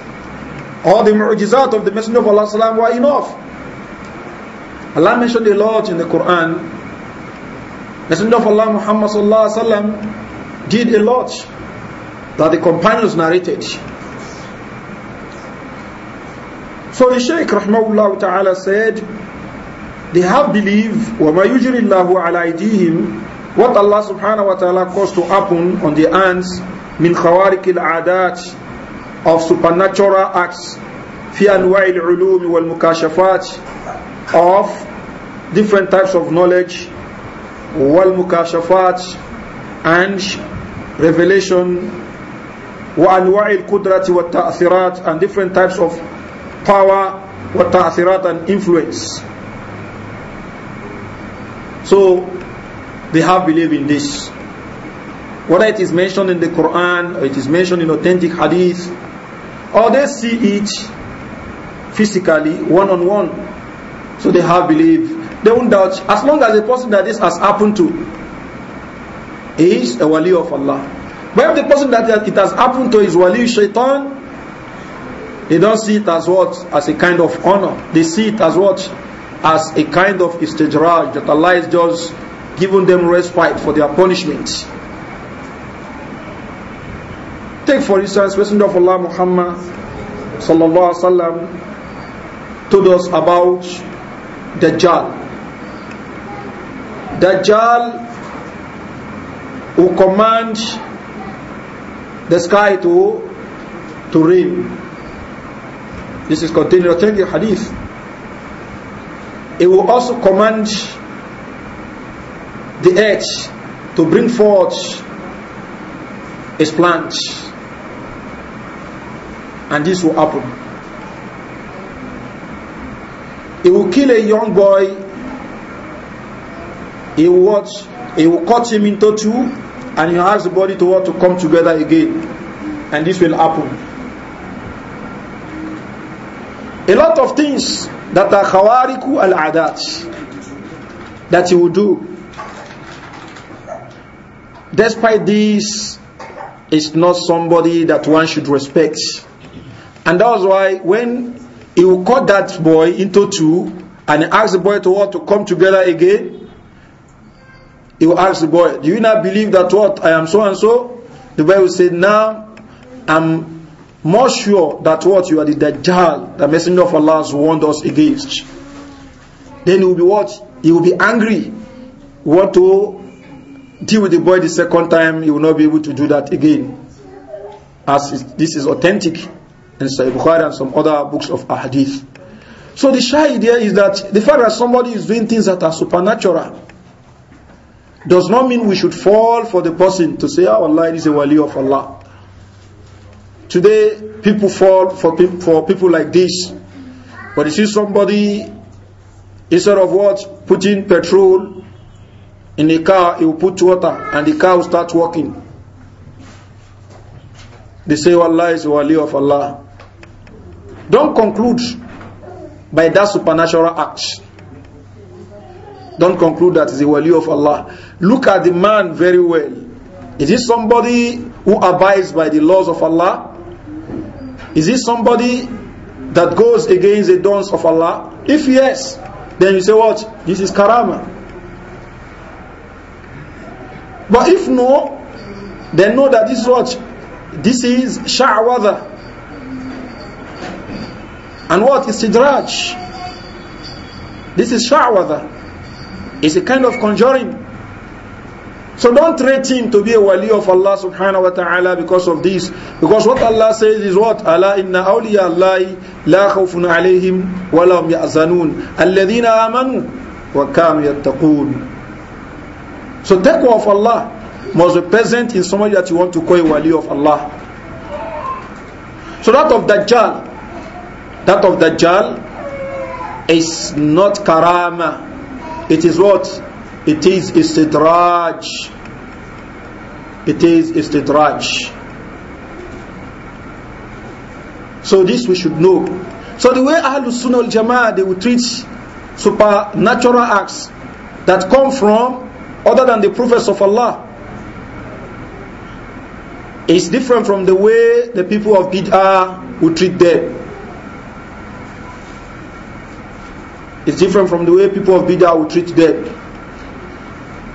or the mu'jizat of the Messenger of Allah were enough. Allah mentioned a lot in the Quran. Messenger of Allah Muhammad sallallahu did a lot that the companions narrated. So the Shaykh rahmahullah ta'ala said, they have believed, وَمَا يُجْرِ اللَّهُ عَلَى أَيْدِيهِمْ What Allah subhanahu wa ta'ala caused to happen on the hands, min خوارق العادات of supernatural acts في أنواع العلوم والمكاشفات of different types of knowledge والمكاشفات and revelation وأنواع القدرة والتأثيرات and different types of power والتأثيرات and influence so they have believed in this. Whether it is mentioned in the Quran or it is mentioned in authentic hadith, or they see it physically, one on one. So they have believed. They won't doubt. As long as the person that this has happened to is a wali of Allah. But if the person that it has happened to is wali shaitan, they don't see it as what? As a kind of honor. They see it as what? as a kind of istijraj that Allah is just giving them respite for their punishment. Take for instance Messenger of Allah Muhammad sallallahu alaihi wasallam told us about Dajjal. Dajjal who command the sky to to rain. This is continued. Take the hadith. it will also command the earth to bring forth its plant and this will happen It will kill a young boy he will watch he will cut him into two and he ask the body to want to come together again and this will happen a lot of things that are khawariku al-adat that he would do despite this is not somebody that one should respect and that was why when he will cut that boy into two and ask the boy to what to come together again he will ask the boy do you not believe that what i am so and so the boy will say now i'm more sure that what you are the Dajjal, the messenger of Allah has warned us against. Then he will be what? He will be angry. What to deal with the boy the second time, he will not be able to do that again. As this is authentic in Sahih Bukhari and some other books of Ahadith. So the shy idea is that the fact that somebody is doing things that are supernatural does not mean we should fall for the person to say, oh ah, Allah, it is a wali of Allah. Today, people fall for, people, for people like this. But you see somebody, instead of what? Putting petrol in a car, he will put water and the car will start working. They say, Allah is the wali of Allah. Don't conclude by that supernatural act. Don't conclude that is the wali of Allah. Look at the man very well. Is he somebody who abides by the laws of Allah? Is he somebody that goes against the dawns of Allah? If yes, then you say what? This is karama. But if no, then know that this is what? This is sha'wada. And what is sidraj? This is sha'wada. It's a kind of conjuring. So don't threaten to be a wali of Allah subhanahu wa ta'ala because of this. Because what Allah says is what? Allah inna awliya Allahi la khawfun alayhim wa lahum ya'zanun. Alladhina amanu wa kam yattaqoon. So taqwa of Allah must be present in somebody that you want to call a wali of Allah. So that of Dajjal, that of Dajjal is not karama. It is what? It is istidraj. It is istidraj. So this we should know. So the way Ahlul Sunnah al Jama'ah they will treat supernatural acts that come from other than the prophets of Allah is different from the way the people of Bid'ah will treat them. It's different from the way people of Bid'ah will treat them.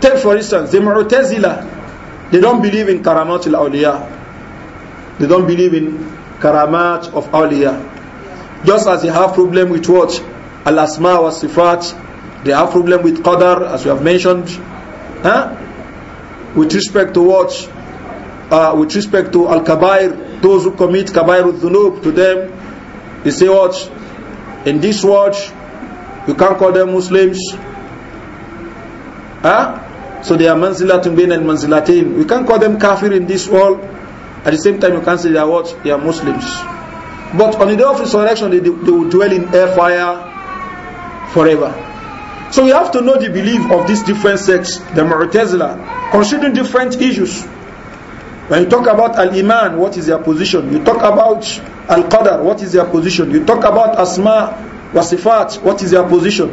Take for instance, the Mu'tazila, they don't believe in Karamat al-Awliya. They don't believe in Karamat of Awliya. Just as they have problem with what? Al-Asma wa Sifat. They have problem with Qadar, as we have mentioned. Huh? With respect to what? Uh, with respect to Al-Kabair, those who commit Kabair al-Dhunub, to them, they say what? In this world, you can't call them Muslims. Huh? So they are manzilatun bin and manzilatain. We can't call them kafir in this world. At the same time, you can't say they are what? They are Muslims. But on the day of resurrection, they, they will dwell in hellfire forever. So we have to know the belief of these different sects, the Mu'tazila, considering different issues. When you talk about Al-Iman, what is their position? You talk about Al-Qadar, Qadr, is their position? You talk about Asma Wasifat, what is their position?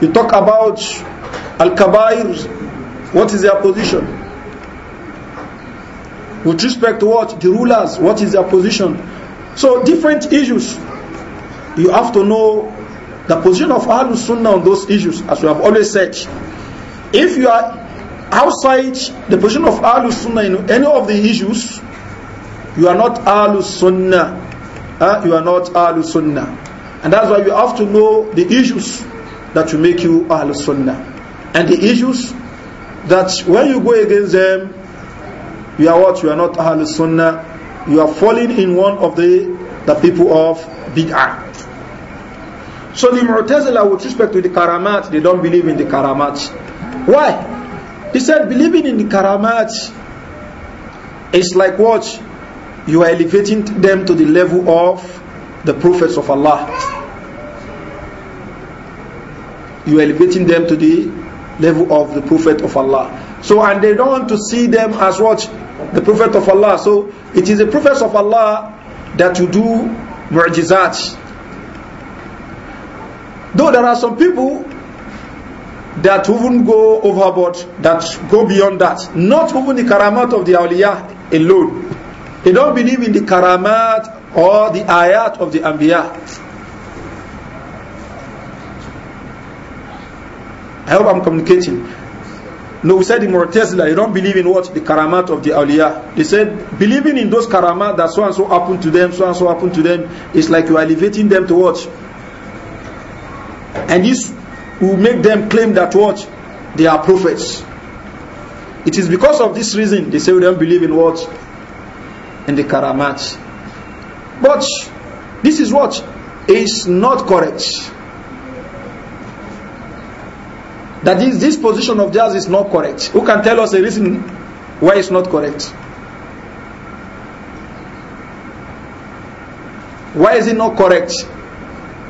You talk about Al-Kabair, what is their position? With respect to what? The rulers, what is their position? So different issues. You have to know the position of Ahlul Sunnah on those issues, as we have always said. If you are outside the position of Ahlul Sunnah in any of the issues, you are not Ahlul Sunnah. You are not Ahlul Sunnah. And that's why you have to know the issues that will make you Ahlul Sunnah and the issues that when you go against them, you are what? You are not Ahlul Sunnah. You are falling in one of the, the people of Bid'ah. So the Mu'tazila, with respect to the Karamat, they don't believe in the Karamat. Why? He said, believing in the Karamat is like what? You are elevating them to the level of the prophets of Allah. You are elevating them to the level of the Prophet of Allah. So, and they don't want to see them as what? The Prophet of Allah. So, it is the Prophet of Allah that you do mu'jizat. Though there are some people that even go overboard, that go beyond that. Not even the karamat of the awliya alone. They don't believe in the karamat or the ayat of the anbiya. I hope I'm communicating. No, we said in Mu'tazila, you don't believe in what? The karamat of the awliya. They said, believing in those karamat that so and so happened to them, so and so happened to them, it's like you are elevating them to what? And this will make them claim that what? They are prophets. It is because of this reason they say we don't believe in what? In the karamat. But this is what is not correct. That is, this position of theirs is not correct. Who can tell us a reason why it's not correct? Why is it not correct?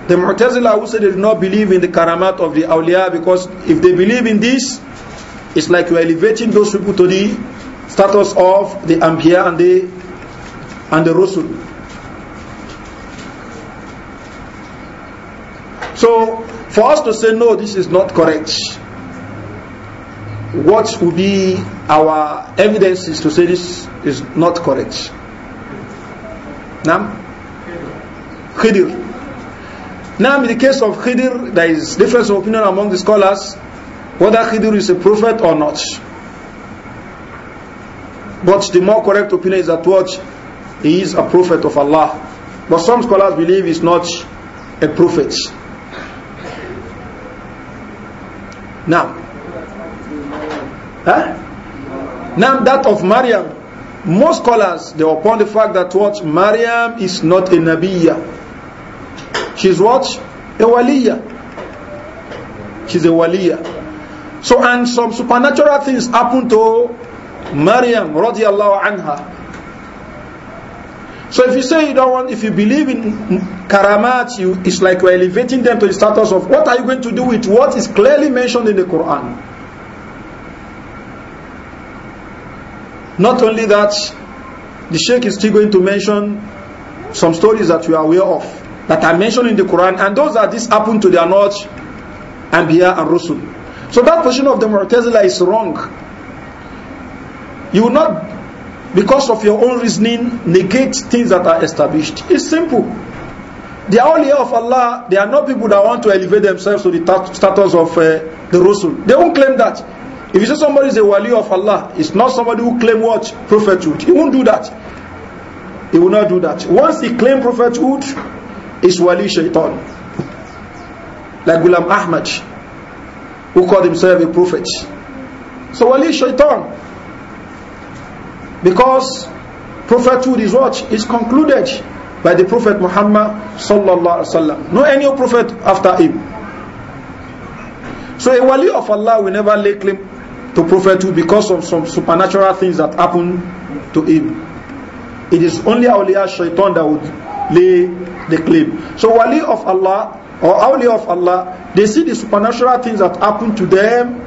The Mu'tazila who said they do not believe in the karamat of the awliya because if they believe in this, it's like you're elevating those people to the status of the Ambiya and the and the Rusul. So for us to say no, this is not correct what will be our evidences to say this is not correct? Nam? Khidir. Now, in the case of Khidir, there is difference of opinion among the scholars whether Khidir is a prophet or not. But the more correct opinion is that what he is a prophet of Allah. But some scholars believe he's not a prophet. Now, Huh? Now that of Maryam, most scholars they upon the fact that what Maryam is not a Nabiya. She's what? A Waliya. She's a Waliya. So and some supernatural things happen to Maryam radiallahu anha. So if you say you don't want, if you believe in karamat, you, it's like we're elevating them to the status of what are you going to do with what is clearly mentioned in the Quran. Not only that, the Sheikh is still going to mention some stories that we are aware of that are mentioned in the Quran, and those that this happened to their not Anbiya and Rusul. So that position of the Mu'tazila is wrong. You will not, because of your own reasoning, negate things that are established. It's simple. They are all here of Allah. They are not people that want to elevate themselves to the status of uh, the Rusul. They won't claim that. If you say somebody is a wali of Allah, it's not somebody who claim what? Prophethood. He won't do that. He will not do that. Once he claim prophethood, it's wali shaitan. Like Ghulam Ahmad, who called himself a prophet. So wali shaitan. Because prophethood is what? Is concluded by the Prophet Muhammad sallallahu alaihi wasallam. No any prophet after him. So a wali of Allah will never lay claim to prophethood because of some supernatural things that happen to him. It is only awliya shaitan that would lay the claim. So wali of Allah or awliya of Allah, they see the supernatural things that happen to them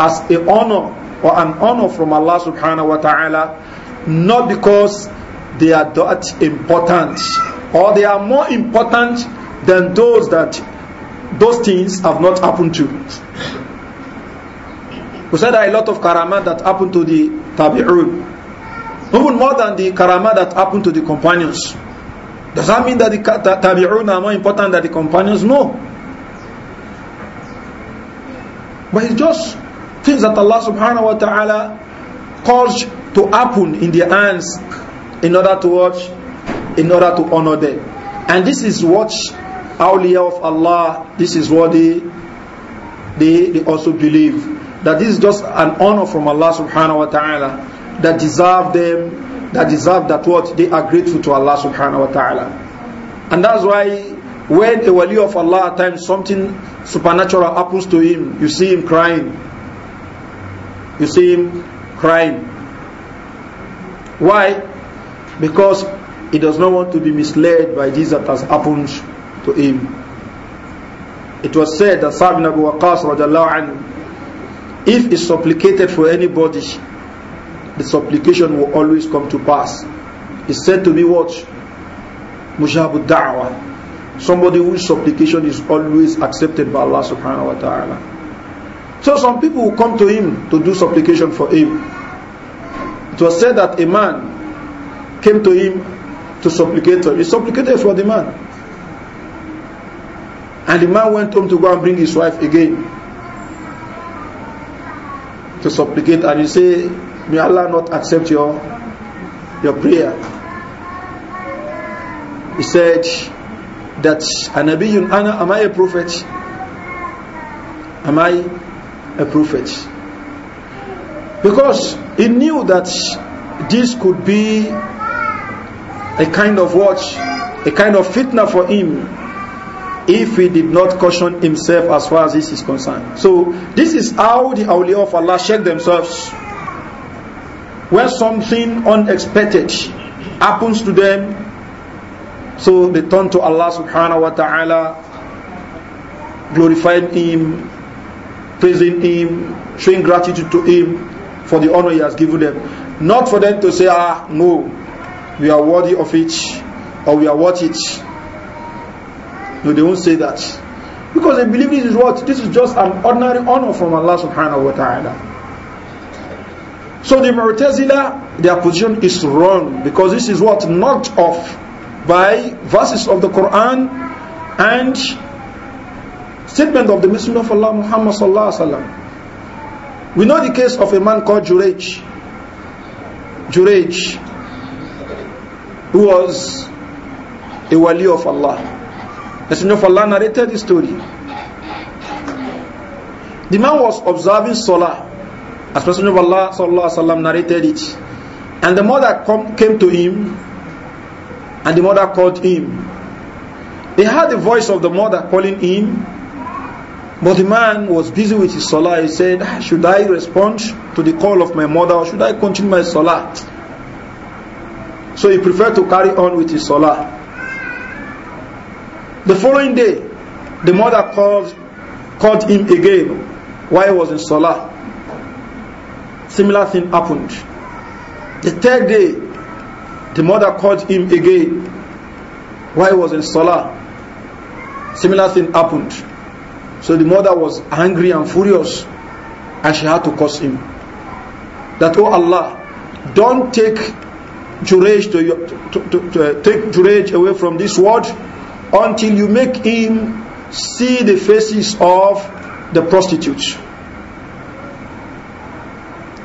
as a honor or an honor from Allah subhanahu wa ta'ala, not because they are that important or they are more important than those that those things have not happened to. We said there are a lot of karamat that happened to the tabi'un. Even more than the karamat that happened to the companions. Does that mean that the tabi'un are more important than the companions? No. But it's just things that Allah subhanahu wa ta'ala caused to happen in their hands in order to watch, in order to honor them. And this is what awliya of Allah, this is what they, they, they also believe that this is just an honor from Allah subhanahu wa ta'ala that deserve them, that deserve that what they are grateful to Allah subhanahu wa ta'ala. And that's why when a wali of Allah at times something supernatural happens to him, you see him crying. You see him crying. Why? Because he does not want to be misled by this that has happened to him. It was said that Sa'ib ibn Abu Waqqas radiallahu anhu if it's supplicated for anybody, the supplication will always come to pass. It's said to be what? Mujabu da'wah. Somebody whose supplication is always accepted by Allah subhanahu wa ta'ala. So some people will come to him to do supplication for him. It was said that a man came to him to supplicate He supplicated for the man. And the man went home to go and bring his wife again to supplicate and you say, May Allah not accept your your prayer. He said that Anabiyun Ana, am I a prophet? Am I a prophet? Because he knew that this could be a kind of watch, a kind of fitna for him if he did not caution himself as far as this is concerned. So this is how the awliya of Allah check themselves. When something unexpected happens to them, so they turn to Allah subhanahu wa ta'ala, glorifying Him, praising Him, showing gratitude to Him for the honor He has given them. Not for them to say, ah, no, we are worthy of it, or we are worth it. No, they won't say that. Because they believe this is what? This is just an ordinary honor from Allah subhanahu wa ta'ala. So the Mu'tazila, their position is wrong because this is what knocked off by verses of the Quran and statement of the Messenger of Allah Muhammad sallallahu alaihi wasallam. We know the case of a man called Juraj. Juraj, who was a wali of Allah. Messenger of Allah narrated this story. The man was observing Salah, as Messenger of Allah sallallahu sallam, narrated it. And the mother come, came to him, and the mother called him. He heard the voice of the mother calling him, but the man was busy with his Salah. He said, Should I respond to the call of my mother, or should I continue my Salah? So he preferred to carry on with his Salah. The following day, the mother called, called him again while he was in Salah. Similar thing happened. The third day, the mother called him again while he was in Salah. Similar thing happened. So the mother was angry and furious and she had to curse him. That, oh Allah, don't take Jurej, to, to, to, to take Jurej away from this world until you make him see the faces of the prostitutes,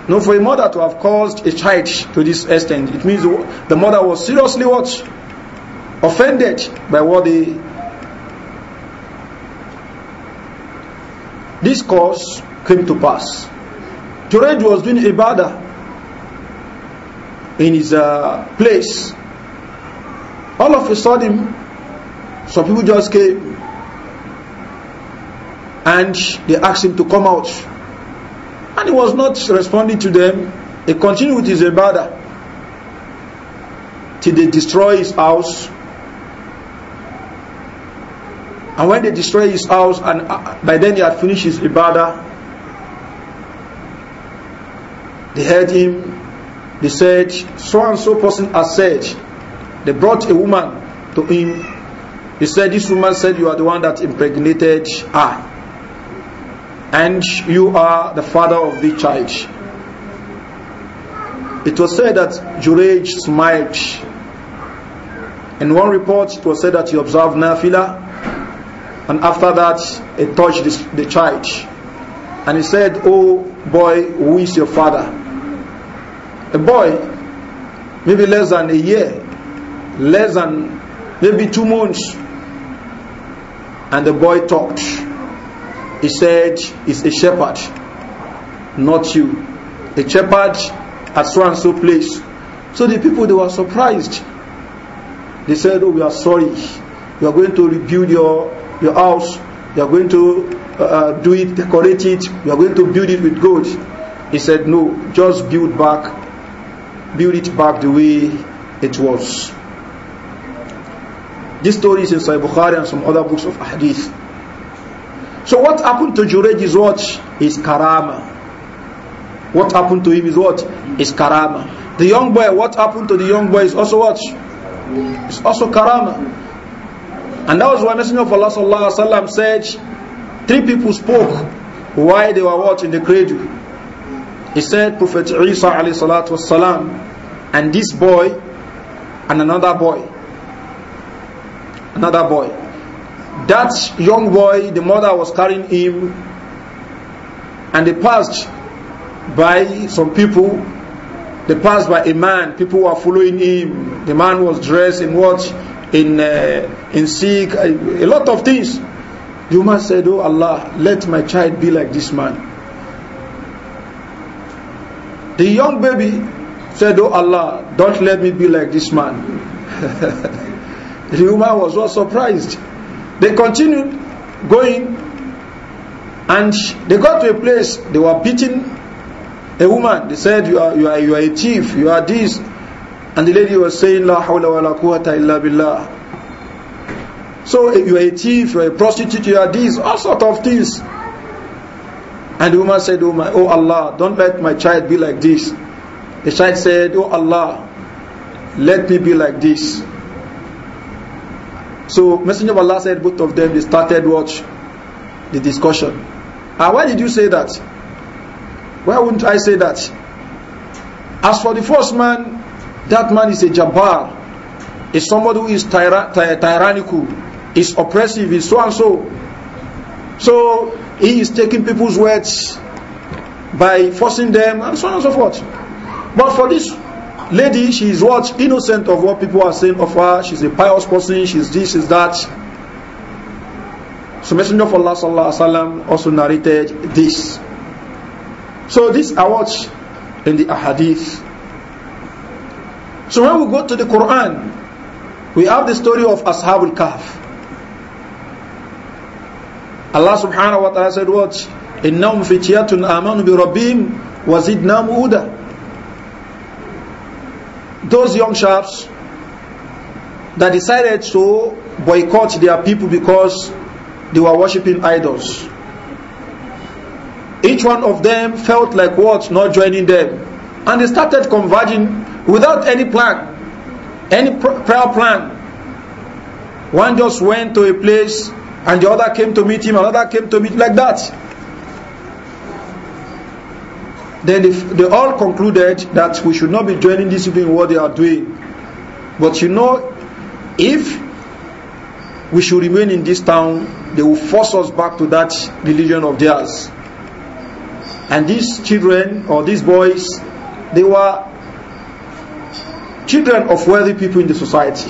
Now, for a mother to have caused a child to this extent, it means the mother was seriously what? Offended by what they. This cause came to pass. Juraj was doing ibadah in his uh, place. All of a sudden, some people just came and they asked him to come out. And he was not responding to them. He continued with his ibadah till they destroy his house. And when they destroy his house, and uh, by then he had finished his ibadah, they heard him. They said, So and so person has said, they brought a woman to him he said, This woman said, You are the one that impregnated her. And you are the father of the child. It was said that Juraj smiled. In one report, it was said that he observed Nafila. And after that, he touched the child. And he said, Oh boy, who is your father? A boy, maybe less than a year, less than maybe two months and the boy talked. He said, It's a shepherd, not you. A shepherd at so and so place. So the people they were surprised. They said, Oh, we are sorry. You are going to rebuild your, your house. You are going to uh, uh do it, decorate it. You are going to build it with gold. He said, No, just build back, build it back the way it was. This story is in Sahih Bukhari and some other books of hadith. So what happened to watch is what? Is karama. What happened to him is what? Is karama. The young boy, what happened to the young boy is also what? It's also karama. And that was why Messenger of Allah sallallahu alaihi wasallam said, three people spoke why they were watching the cradle. He said, Prophet Isa alayhi salatu and this boy and another boy another boy. That young boy, the mother was carrying him, and they passed by some people. They passed by a man. People were following him. The man was dressed in what? In uh, in silk, a, lot of things. You must said, "Oh Allah, let my child be like this man." The young baby said, Oh Allah, don't let me be like this man. *laughs* The woman was not surprised. They continued going and they got to a place they were beating a woman. They said, You are, you are, you are a thief, you are this. And the lady was saying, La hawla wa la quwwata illa billah. So you are a thief, you are a prostitute, you are this, all sort of things. And the woman said, Oh, my, oh Allah, don't let my child be like this. The child said, Oh Allah, let me be like this. So Messenger of Allah said both of them they started watch the discussion. And ah, why did you say that? Why wouldn't I say that? As for the first man, that man is a jabbar, is somebody who is tyra ty tyrannical, is oppressive, is so and so. So he is taking people's words by forcing them and so on and so forth. But for this lady, she is what? Innocent of what people are saying of her. She's a pious person, she's this, she's that. So Messenger of Allah sallallahu alaihi wasallam also narrated this. So this I watch In the ahadith. So when we go to the Quran, we have the story of Ashabul Kahf. Allah subhanahu wa ta'ala said what? إِنَّهُمْ فِتْيَةٌ آمَنُوا بِرَبِّهِمْ وَزِدْنَا مُؤُدًا those young chaps that decided to boycott their people because they were worshipping idols. Each one of them felt like what? Not joining them. And they started converging without any plan, any pr prayer plan. One just went to a place and the other came to meet him, another came to meet like that then they, they all concluded that we should not be joining these people in what they are doing. But you know, if we should remain in this town, they will force us back to that religion of theirs. And these children or these boys, they were children of wealthy people in the society.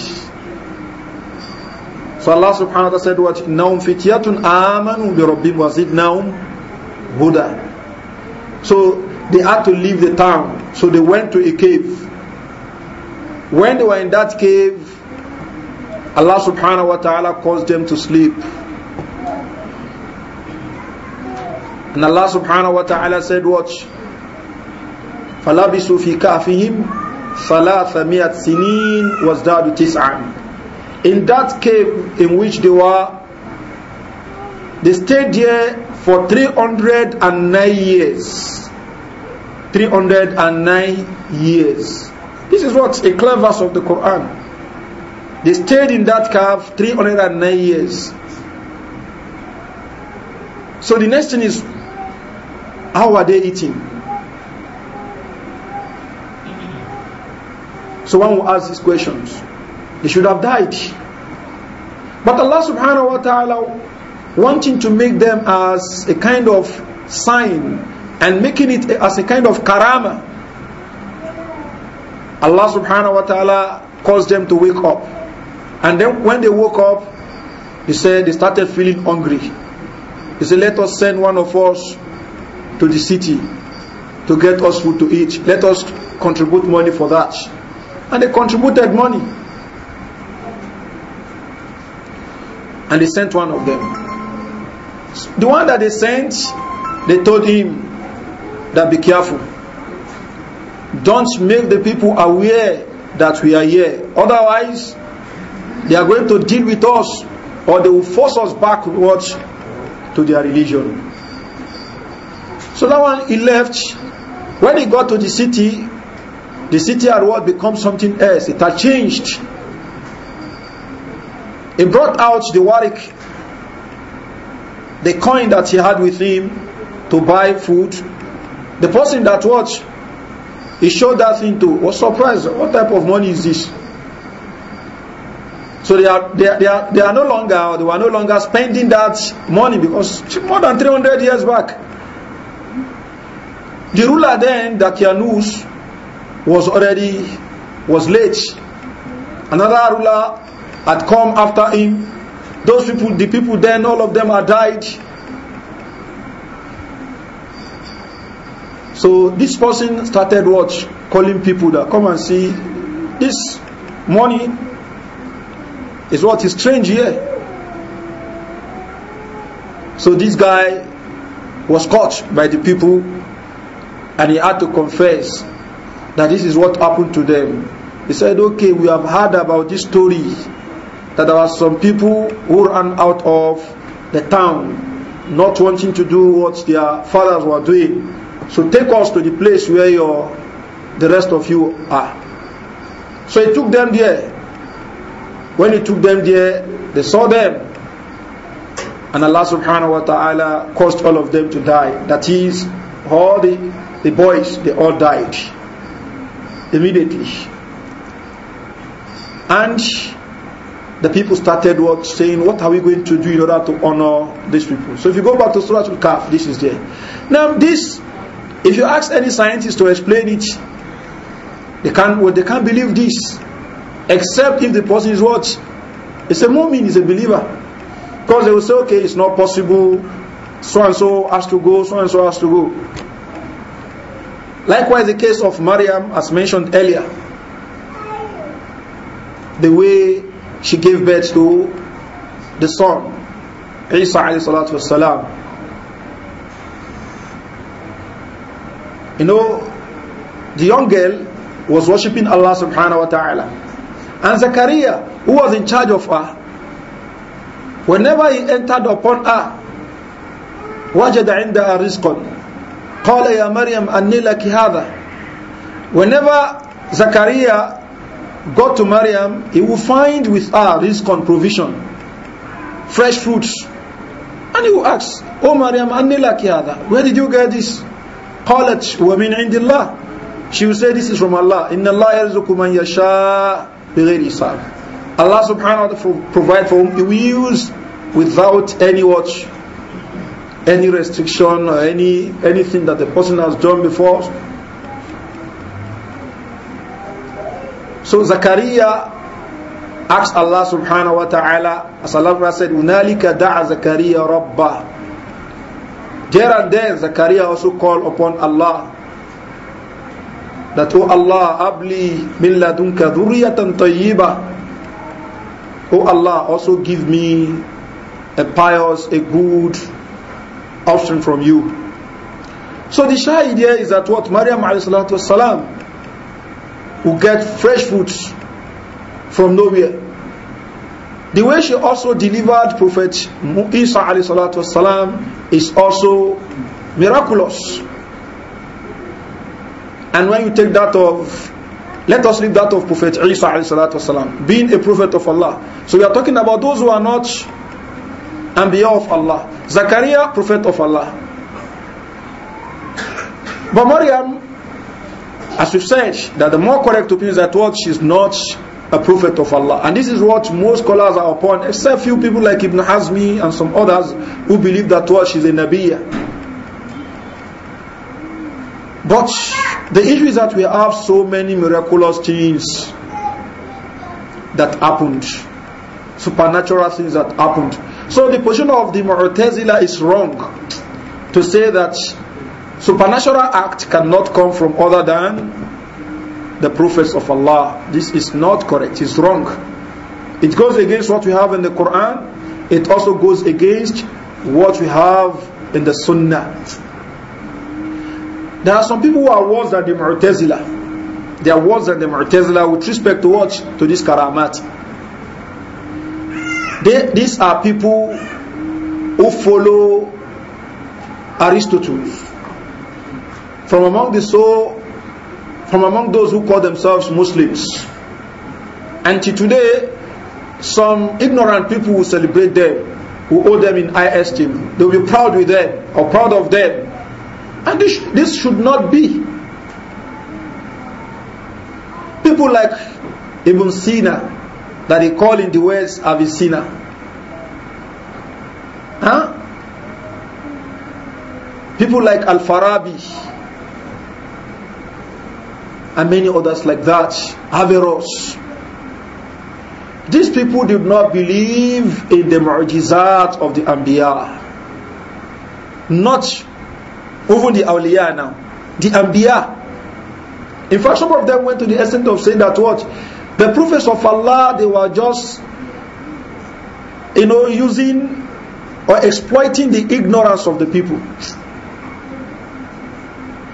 So Allah subhanahu wa ta'ala said what Naum fityatun amanu bi rabbihim wa zidnahum huda. So they had to leave the town. So they went to a cave. When they were in that cave, Allah subhanahu wa ta'ala caused them to sleep. And Allah subhanahu wa ta'ala said, Watch. فَلَبِسُوا فِي كَهْفِهِمْ ثَلَاثَ مِئَةْ سِنِينَ وَازْدَادُوا تِسْعًا In that cave in which they were, they stayed there for 309 years. 309 years. This is what a clear verse of the Quran. They stayed in that calf 309 years. So the next thing is, how are they eating? So one will ask these questions. They should have died. But Allah subhanahu wa ta'ala wanting to make them as a kind of sign and making it as a kind of karama. Allah subhanahu wa ta'ala caused them to wake up. And then when they woke up, he said they started feeling hungry. He said, Let us send one of us to the city to get us food to eat. Let us contribute money for that. And they contributed money. And they sent one of them. The one that they sent, they told him, that be careful. Don't make the people aware that we are here. Otherwise, they are going to deal with us or they will force us backwards to their religion. So that one he left. When he got to the city, the city had what become something else. It had changed. He brought out the warik, the coin that he had with him to buy food the person that watched, he showed that thing to, was surprised. What type of money is this? So they are, they are, they are, they are no longer, they were no longer spending that money because more than 300 years back. The ruler then, Dakianus, was already, was late. Another ruler had come after him. Those people, the people then, all of them had died. So this person started watch Calling people that come and see this money is what is strange here. So this guy was caught by the people and he had to confess that this is what happened to them. He said, Okay, we have heard about this story that there were some people who ran out of the town not wanting to do what their fathers were doing. So take us to the place where your the rest of you are. So he took them there. When he took them there, they saw them. And Allah subhanahu wa ta'ala caused all of them to die. That is, all the, the boys, they all died immediately. And the people started what saying, What are we going to do in order to honor these people? So if you go back to Surah Al Kaf, this is there. Now, this if you ask any scientist to explain it, they can't, well, they can't believe this, except if the person is what? It's a mu'min, it's a believer. Because they will say, okay, it's not possible, so and so has to go, so and so has to go. Likewise, the case of Maryam, as mentioned earlier, the way she gave birth to the son, Isa alayhi salatu salam. You know, the young girl was worshipping Allah subhanahu wa ta'ala. And Zachariah, who was in charge of her, whenever he entered upon her, وجد عندها رزقا قال يا مريم أني لك هذا Whenever Zachariah got to Maryam, he would find with her rizqan provision, fresh fruits. And he would ask, Oh Maryam, أني لك هذا Where did you get this? قالت ومن عند الله she will say this is from Allah إن الله يرزق من يشاء بغير حساب Allah subhanahu wa ta'ala provide for whom we use without any watch any restriction or any anything that the person has done before so Zakaria asked Allah subhanahu wa ta'ala as Allah said unalika da'a Zakaria rabbah there and then, Zakaria also called upon Allah that, O oh Allah, abli min ladunka dhurriyatan tayyiba. O oh Allah, also give me a pious, a good option from you. So the shy idea is that what Maryam والسلام, will get fresh fruits from nowhere. The way she also delivered Prophet Isa alayhi salatu wasalam is also miraculous. And when you take that of, let us leave that of Prophet Isa alayhi salatu wasalam, being a prophet of Allah. So we are talking about those who are not Anbiya of Allah. Zakaria, prophet of Allah. But Maryam, as we've said, that the more correct opinion is that what she's not a prophet of Allah. And this is what most scholars are upon, except few people like Ibn Hazmi and some others who believe that what is a Nabiya. But the issue is that we have so many miraculous things that happened, supernatural things that happened. So the position of the Mu'tazila is wrong to say that supernatural act cannot come from other than the prophets of Allah. This is not correct, it's wrong. It goes against what we have in the Quran, it also goes against what we have in the Sunnah. There are some people who are worse than the Mu'tazila. They are worse than the Mu'tazila with respect to what? To this Karamat. They, these are people who follow Aristotle. From among the so from among those who call themselves Muslims. And to today, some ignorant people will celebrate them, who hold them in high esteem. They will be proud with them or proud of them. And this, this should not be. People like Ibn Sina, that they call in the West Avicenna. Huh? People like Al Farabi, and many others like that, Averroes. These people did not believe in the mu'jizat of the Anbiya. Not even the Awliya now, the Anbiya. In fact, some of them went to the extent of saying that what? The prophets of Allah, they were just, you know, using or exploiting the ignorance of the people.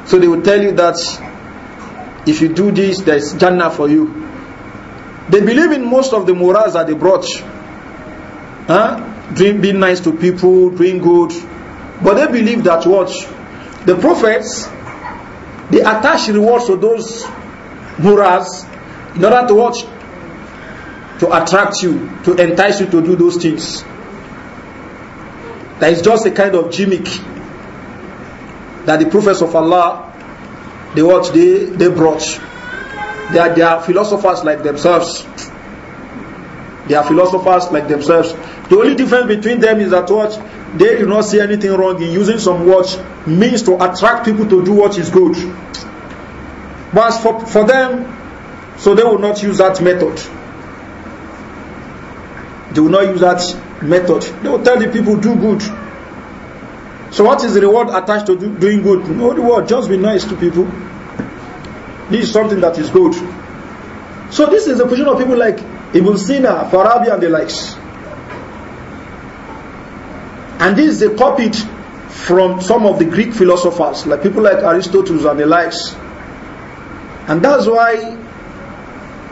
So they would tell you that if you do this, there is Jannah for you. They believe in most of the morals that they brought. Huh? Doing, being nice to people, doing good. But they believe that what? The prophets, they attach rewards to those morals in order to watch, to attract you, to entice you to do those things. That is just a kind of gimmick that the prophets of Allah the what they they brought. They are, they are philosophers like themselves. They are philosophers like themselves. The only difference between them is that what they do not see anything wrong in using some words means to attract people to do what is good. But for, for them, so they will not use that method. They will not use that method. They will tell the people do good. So what is the reward attached to do, doing good? No reward, just be nice to people. This is something that is good. So this is the position of people like Ibn Sina, Farabi and the likes. And this is a copied from some of the Greek philosophers, like people like Aristotle and the likes. And that's why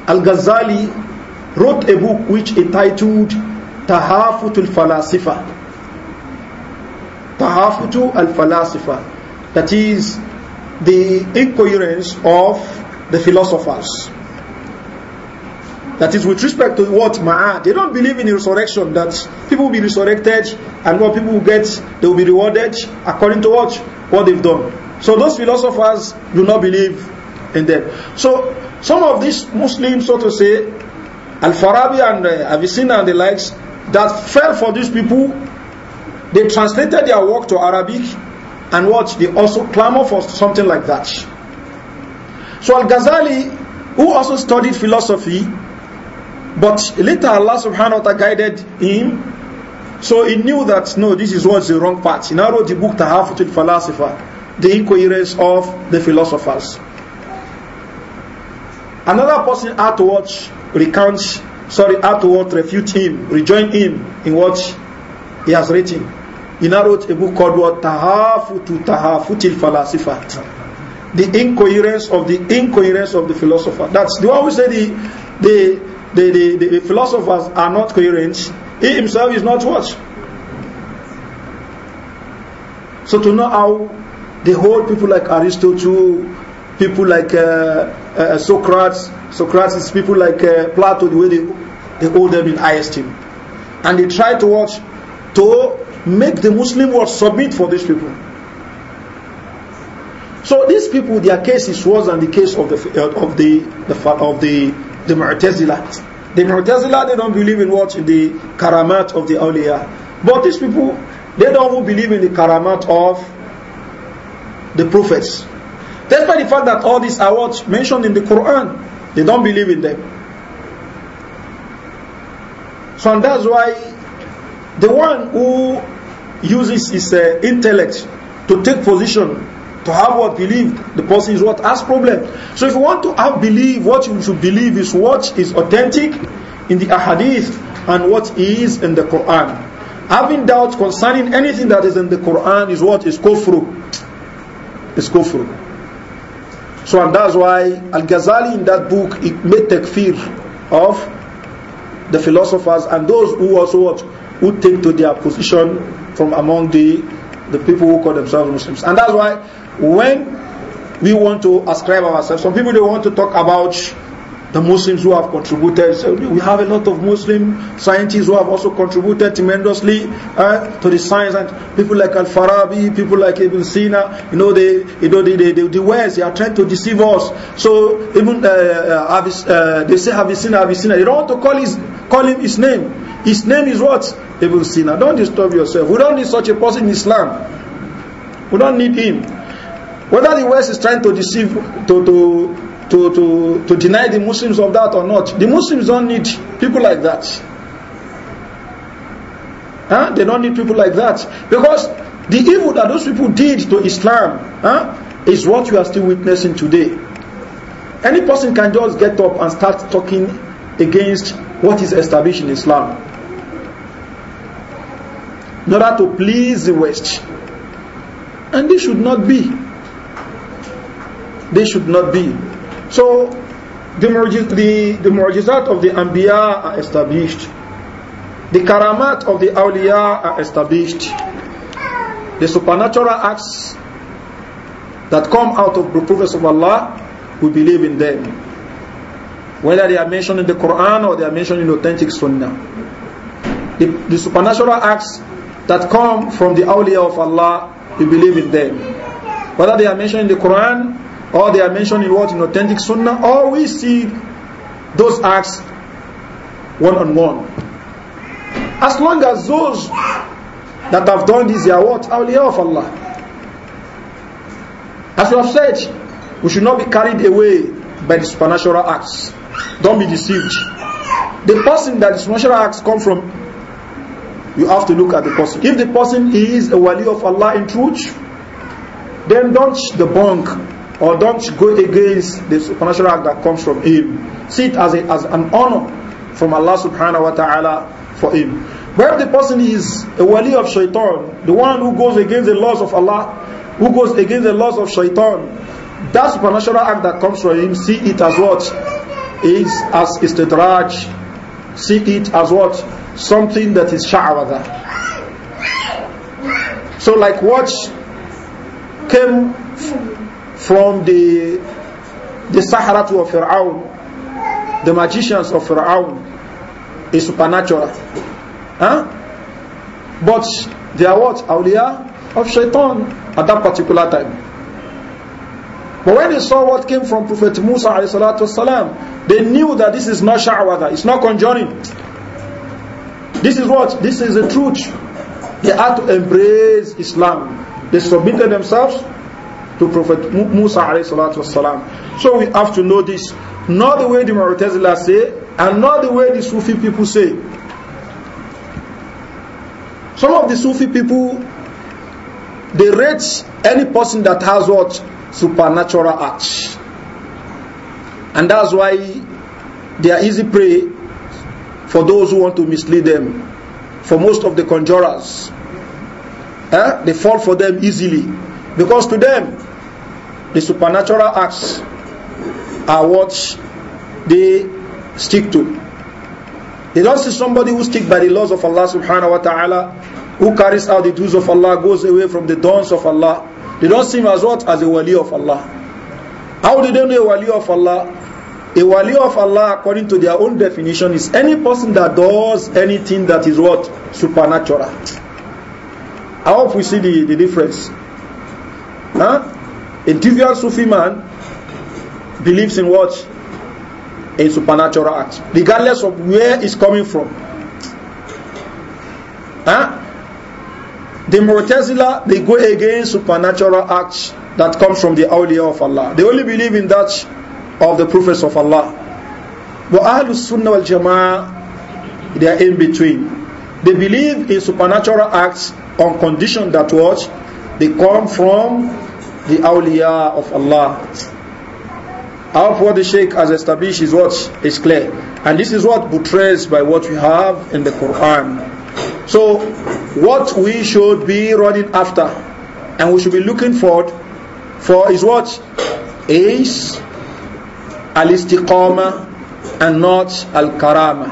Al-Ghazali wrote a book which he titled Tahafutul Falasifa tahafutu al-falasifa, philosopher, is the incoherence of the philosophers. That is with respect to what Ma'ad. They don't believe in resurrection, that people will be resurrected and what people will get, they will be rewarded according to what, what they've done. So those philosophers do not believe in them. So some of these Muslims, so to say, Al-Farabi and uh, Avicenna and the likes, that fell for these people they translated their work to Arabic and what? They also clamor for something like that. So Al Ghazali, who also studied philosophy, but later Allah subhanahu wa ta'ala guided him. So he knew that no, this is what's the wrong path. He now wrote the book Tahafutul Philosopher, the inquiries of the philosophers. Another person afterwards recounts, sorry, afterwards refute him, rejoin him in what he has written. He now wrote a book called What Tahafutu Tahafutil Falasifat. The incoherence of the incoherence of the philosopher. That's the one say the, the the, the, the, the philosophers are not coherent. He himself is not what? So to know how the whole people like Aristotle, people like uh, uh, Socrates, Socrates, people like uh, Plato, the way they, they hold them in high esteem. And they try to watch to make the Muslim world submit for these people. So these people, their case is worse than the case of the uh, of the the of the the Mu'tazila. The Mu'tazila they don't believe in what in the karamat of the awliya, but these people they don't even believe in the karamat of the prophets. Despite the fact that all these are what mentioned in the Quran, they don't believe in them. So and that's why the one who uses his uh, intellect to take position, to have what believed, the person is what has problem. So if you want to have believe, what you should believe is what is authentic in the ahadith and what is in the Quran. Having doubt concerning anything that is in the Quran is what is kufru. Is kufru. So and that's why Al-Ghazali in that book it made takfir of the philosophers and those who also what, who take to their position from among the, the people who call themselves Muslims. And that's why when we want to ascribe ourselves, some people they want to talk about the Muslims who have contributed. So we have a lot of Muslim scientists who have also contributed tremendously uh, to the science. And people like Al-Farabi, people like Ibn Sina, you know, they, you know, they, they, the West, they are trying to deceive us. So even uh, uh, they say Avicenna, Avicenna. They don't want to call his, call him his name. His name is what? Ibn Sina. Don't disturb yourself. We don't need such a person in Islam. We don't need him. Whether the West is trying to deceive, to, to, to, to, to deny the Muslims of that or not, the Muslims don't need people like that. Huh? They don't need people like that. Because the evil that those people did to Islam huh, is what you are still witnessing today. Any person can just get up and start talking against what is established in Islam in order to please the West. And this should not be. They should not be. So the, the, the mu'jizat of the Anbiya are established. The karamat of the awliya are established. The supernatural acts that come out of the prophets of Allah, we believe in them. Whether they are mentioned in the Quran or they are mentioned in authentic Sunnah. The, the supernatural acts that come from the awliya of Allah, you believe in them. Whether they are mentioned in the Quran, or they are mentioned in what? In authentic sunnah, or we see those acts one on one. As long as those that have done this, they are what? Awliya of Allah. As we have said, we should not be carried away by the supernatural acts. Don't be deceived. The person that the supernatural acts come from you have to look at the person. If the person is a wali of Allah in truth, then don't debunk or don't go against the supernatural act that comes from him. See it as, a, as an honor from Allah subhanahu wa ta'ala for him. But if the person is a wali of shaitan, the one who goes against the laws of Allah, who goes against the laws of shaitan, that supernatural act that comes from him, see it as what? Is as istidraj. See it as what? something that is sha'wada. So like what came from the the Sahara of Fir'aun, the magicians of Fir'aun, is supernatural. Huh? But they are what? Awliya of Shaitan at that particular time. But when they saw what came from Prophet Musa والسلام, they knew that this is not sha'wada, it's not conjuring. This is what? This is the truth. They had to embrace Islam. They submitted themselves to Prophet Musa والسلام. So we have to know this. Not the way the Mu'tazila say, and not the way the Sufi people say. Some of the Sufi people, they rate any person that has what? Supernatural act. And that's why they are easy prey for those who want to mislead them, for most of the conjurers. Eh? They fall for them easily because to them, the supernatural acts are what they stick to. They don't see somebody who sticks by the laws of Allah subhanahu wa ta'ala, who carries out the dues of Allah, goes away from the dawns of Allah. They don't see him as what? As a wali of Allah. How do they know a wali of Allah? A wali of Allah, according to their own definition, is any person that does anything that is what? Supernatural. I hope we see the, the difference. Huh? A trivial Sufi man believes in what? A supernatural act, regardless of where it's coming from. Huh? The Mu'tazila, they go against supernatural acts that comes from the awliya of Allah. They only believe in that of the prophets of Allah. But Ahlus Sunnah wal Jama'ah, they are in between. They believe in supernatural acts on condition that what? They come from the awliya of Allah. How for the Sheikh has established is what is clear. And this is what betrays by what we have in the Quran. So what we should be running after and we should be looking for for is what? Is al istiqama and not al karama.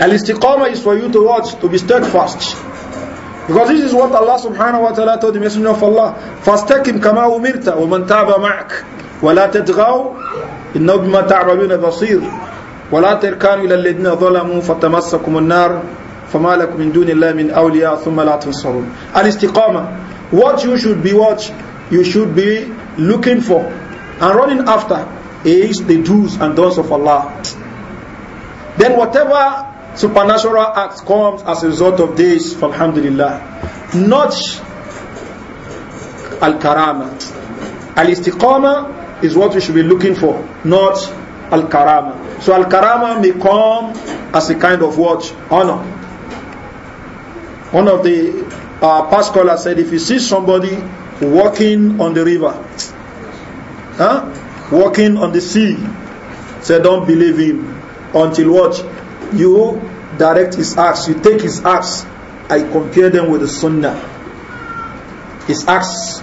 Al istiqama is for you to watch, to be steadfast. Because this is what Allah subhanahu wa ta'ala told the Messenger of Allah. فَاسْتَكِمْ كَمَا أُمِرْتَ وَمَنْ تَعْبَ مَعْكَ وَلَا تَتْغَوْا إِنَّهُ بِمَا تَعْبَلُونَ بَصِيرٌ وَلَا تَرْكَانُوا إِلَى الَّذِينَ ظَلَمُوا فَتَمَسَّكُمُ النَّارُ فَمَا لَكُمْ مِنْ دُونِ اللَّهِ مِنْ أَوْلِيَاءَ ثُمَّ لَا تَنْصَرُونَ Al-istiqama. What you should be what? You should be looking for and running after is the do's and don'ts of Allah. Then whatever supernatural act comes as a result of this, alhamdulillah, not al-karama. Al-istiqama is what we should be looking for, not al-karama. So al-karama may come as a kind of what? Honor. One of the uh, past scholars said, if you see somebody walking on the river, huh? walking on the sea. Say, don't believe him until what? You direct his acts, you take his acts. I compare them with the sunnah. His acts.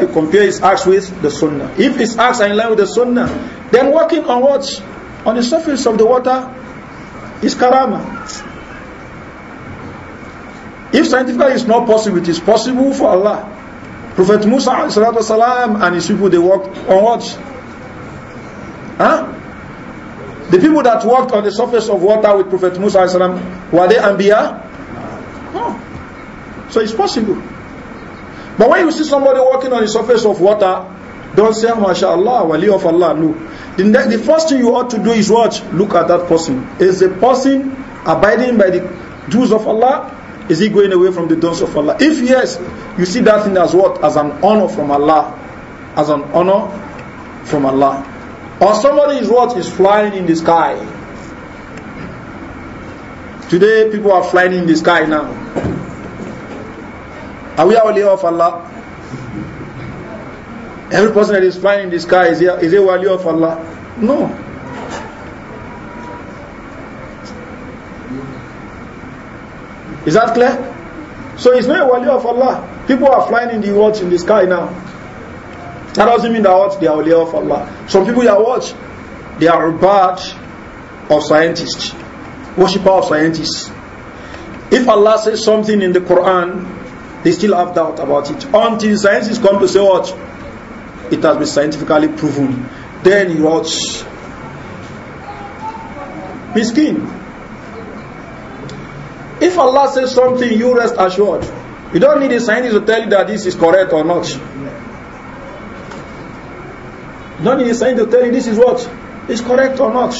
you compare his acts with the sunnah. If his acts are in line with the sunnah, then walking on what? On the surface of the water is karama. If scientifically it's not possible, it is possible for Allah. Prophet Musa والسلام, and his people, they walked on what? Huh? The people that walked on the surface of water with Prophet Musa والسلام, were they Ambiya? No. So it's possible. But when you see somebody walking on the surface of water, don't say, MashaAllah, Wali of Allah. No. The, the first thing you ought to do is watch, look at that person. Is the person abiding by the dues of Allah? Is he going away from the dawns of Allah? If yes, you see that thing as what? As an honor from Allah. As an honor from Allah. Or somebody is what? Is flying in the sky. Today people are flying in the sky now. Are we aware of Allah? Every person that is flying in the sky is he, is he wali of Allah? No. Is that clear? So it's not a wali of Allah. People are flying in the watch in the sky now. That doesn't mean that what they are wali of Allah. Some people are watch, They are bad of scientists, worshipper of scientists. If Allah says something in the Quran, they still have doubt about it. Until scientists come to say what? It has been scientifically proven. Then he wrote, Miskin, If Allah says something, you rest assured. You don't need a scientist to tell you that this is correct or not. You don't need a scientist to tell you this is what is correct or not.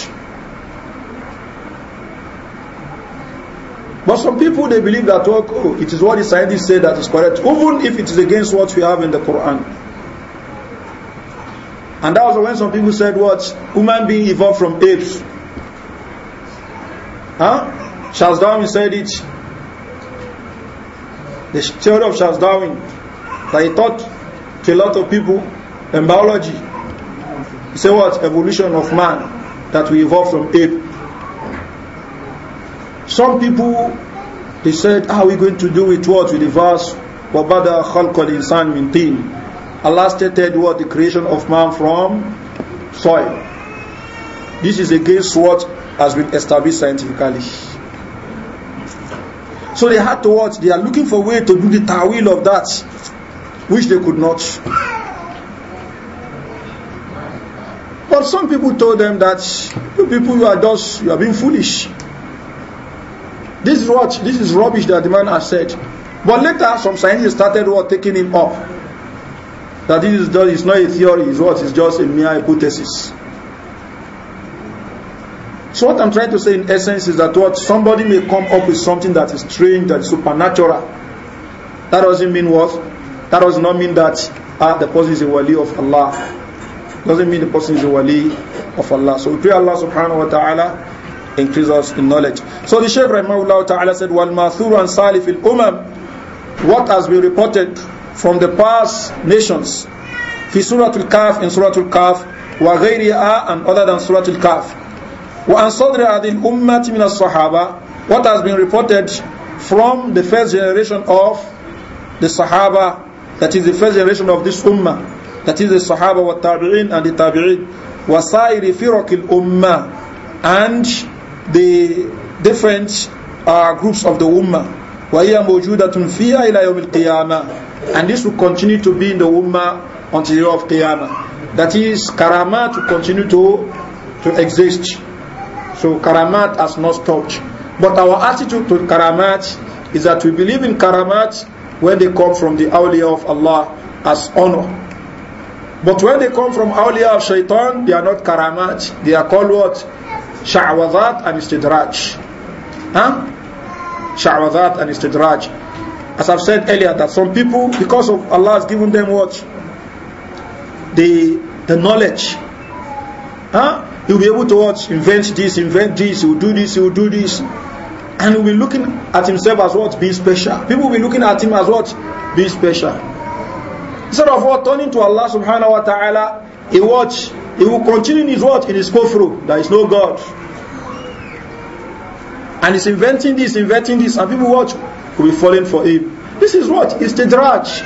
But some people they believe that oh, it is what the scientists say that is correct, even if it is against what we have in the Quran. And that was when some people said what human being evolved from apes. Huh? Charles Darwin said it. The theory of Charles Darwin that he taught to a lot of people in biology. He said what? Evolution of man that we evolved from ape. Some people they said, How are we going to do with what? With the verse Wabada Khalqal Insan min tin. Allah stated what the creation of man from soil. This is against what has been established scientifically. So they had to watch. They are looking for way to do the ta'wil of that, which they could not. But some people told them that you people, you are just, you are being foolish. This is what, this is rubbish that the man has said. But later, some scientists started what, taking him up. That this is, just, it's not a theory, it's what, it's just a mere hypothesis. So what I'm trying to say in essence is that what somebody may come up with something that is strange, that is supernatural. That doesn't mean what? That does not mean that ah, the person is a wali of Allah. Doesn't mean the person is a wali of Allah. So we pray Allah subhanahu wa ta'ala increase us in knowledge. So the Shaykh Rahimahullah ta'ala said, Wal mathur and salif il umam. What has been reported from the past nations. Fi Surah Al-Kaf in Surah Al-Kaf. Wa ghayriha and other than Surah Al-Kaf. وَأَنْ صَدْرِ أَذِي الْأُمَّةِ مِنَ Sahaba. What has been reported from the first generation of the Sahaba, that is the first generation of this Ummah, that is the Sahaba wa Tabi'in and the Tabi'in, وَسَائِرِ فِرَقِ Ummah and the different uh, groups of the Ummah. وَهِيَ مَوْجُودَةٌ فِيهَا إِلَى يَوْمِ الْقِيَامَةِ And this will continue to be in the Ummah until the day of Qiyamah. That is, karama to continue to, to exist. So karamat has not stopped. But our attitude to karamat is that we believe in karamat when they come from the awliya of Allah as honor. But when they come from awliya of shaitan, they are not karamat. They are called what? Sha'wazat and istidraj. Huh? Sha'wazat and istidraj. As I've said earlier, that some people, because of Allah has given them what? The, the knowledge. Huh? He'll be able to watch, Invent this, invent this, he'll do this, he'll do this. And he'll be looking at himself as what? Being special. People will be looking at him as what? Being special. Instead of what? Turning to Allah subhanahu wa ta'ala, he watch, he will continue in his what? In his kufru. There is no God. And he's inventing this, inventing this, and people watch will be falling for him. This is what? It's the drudge.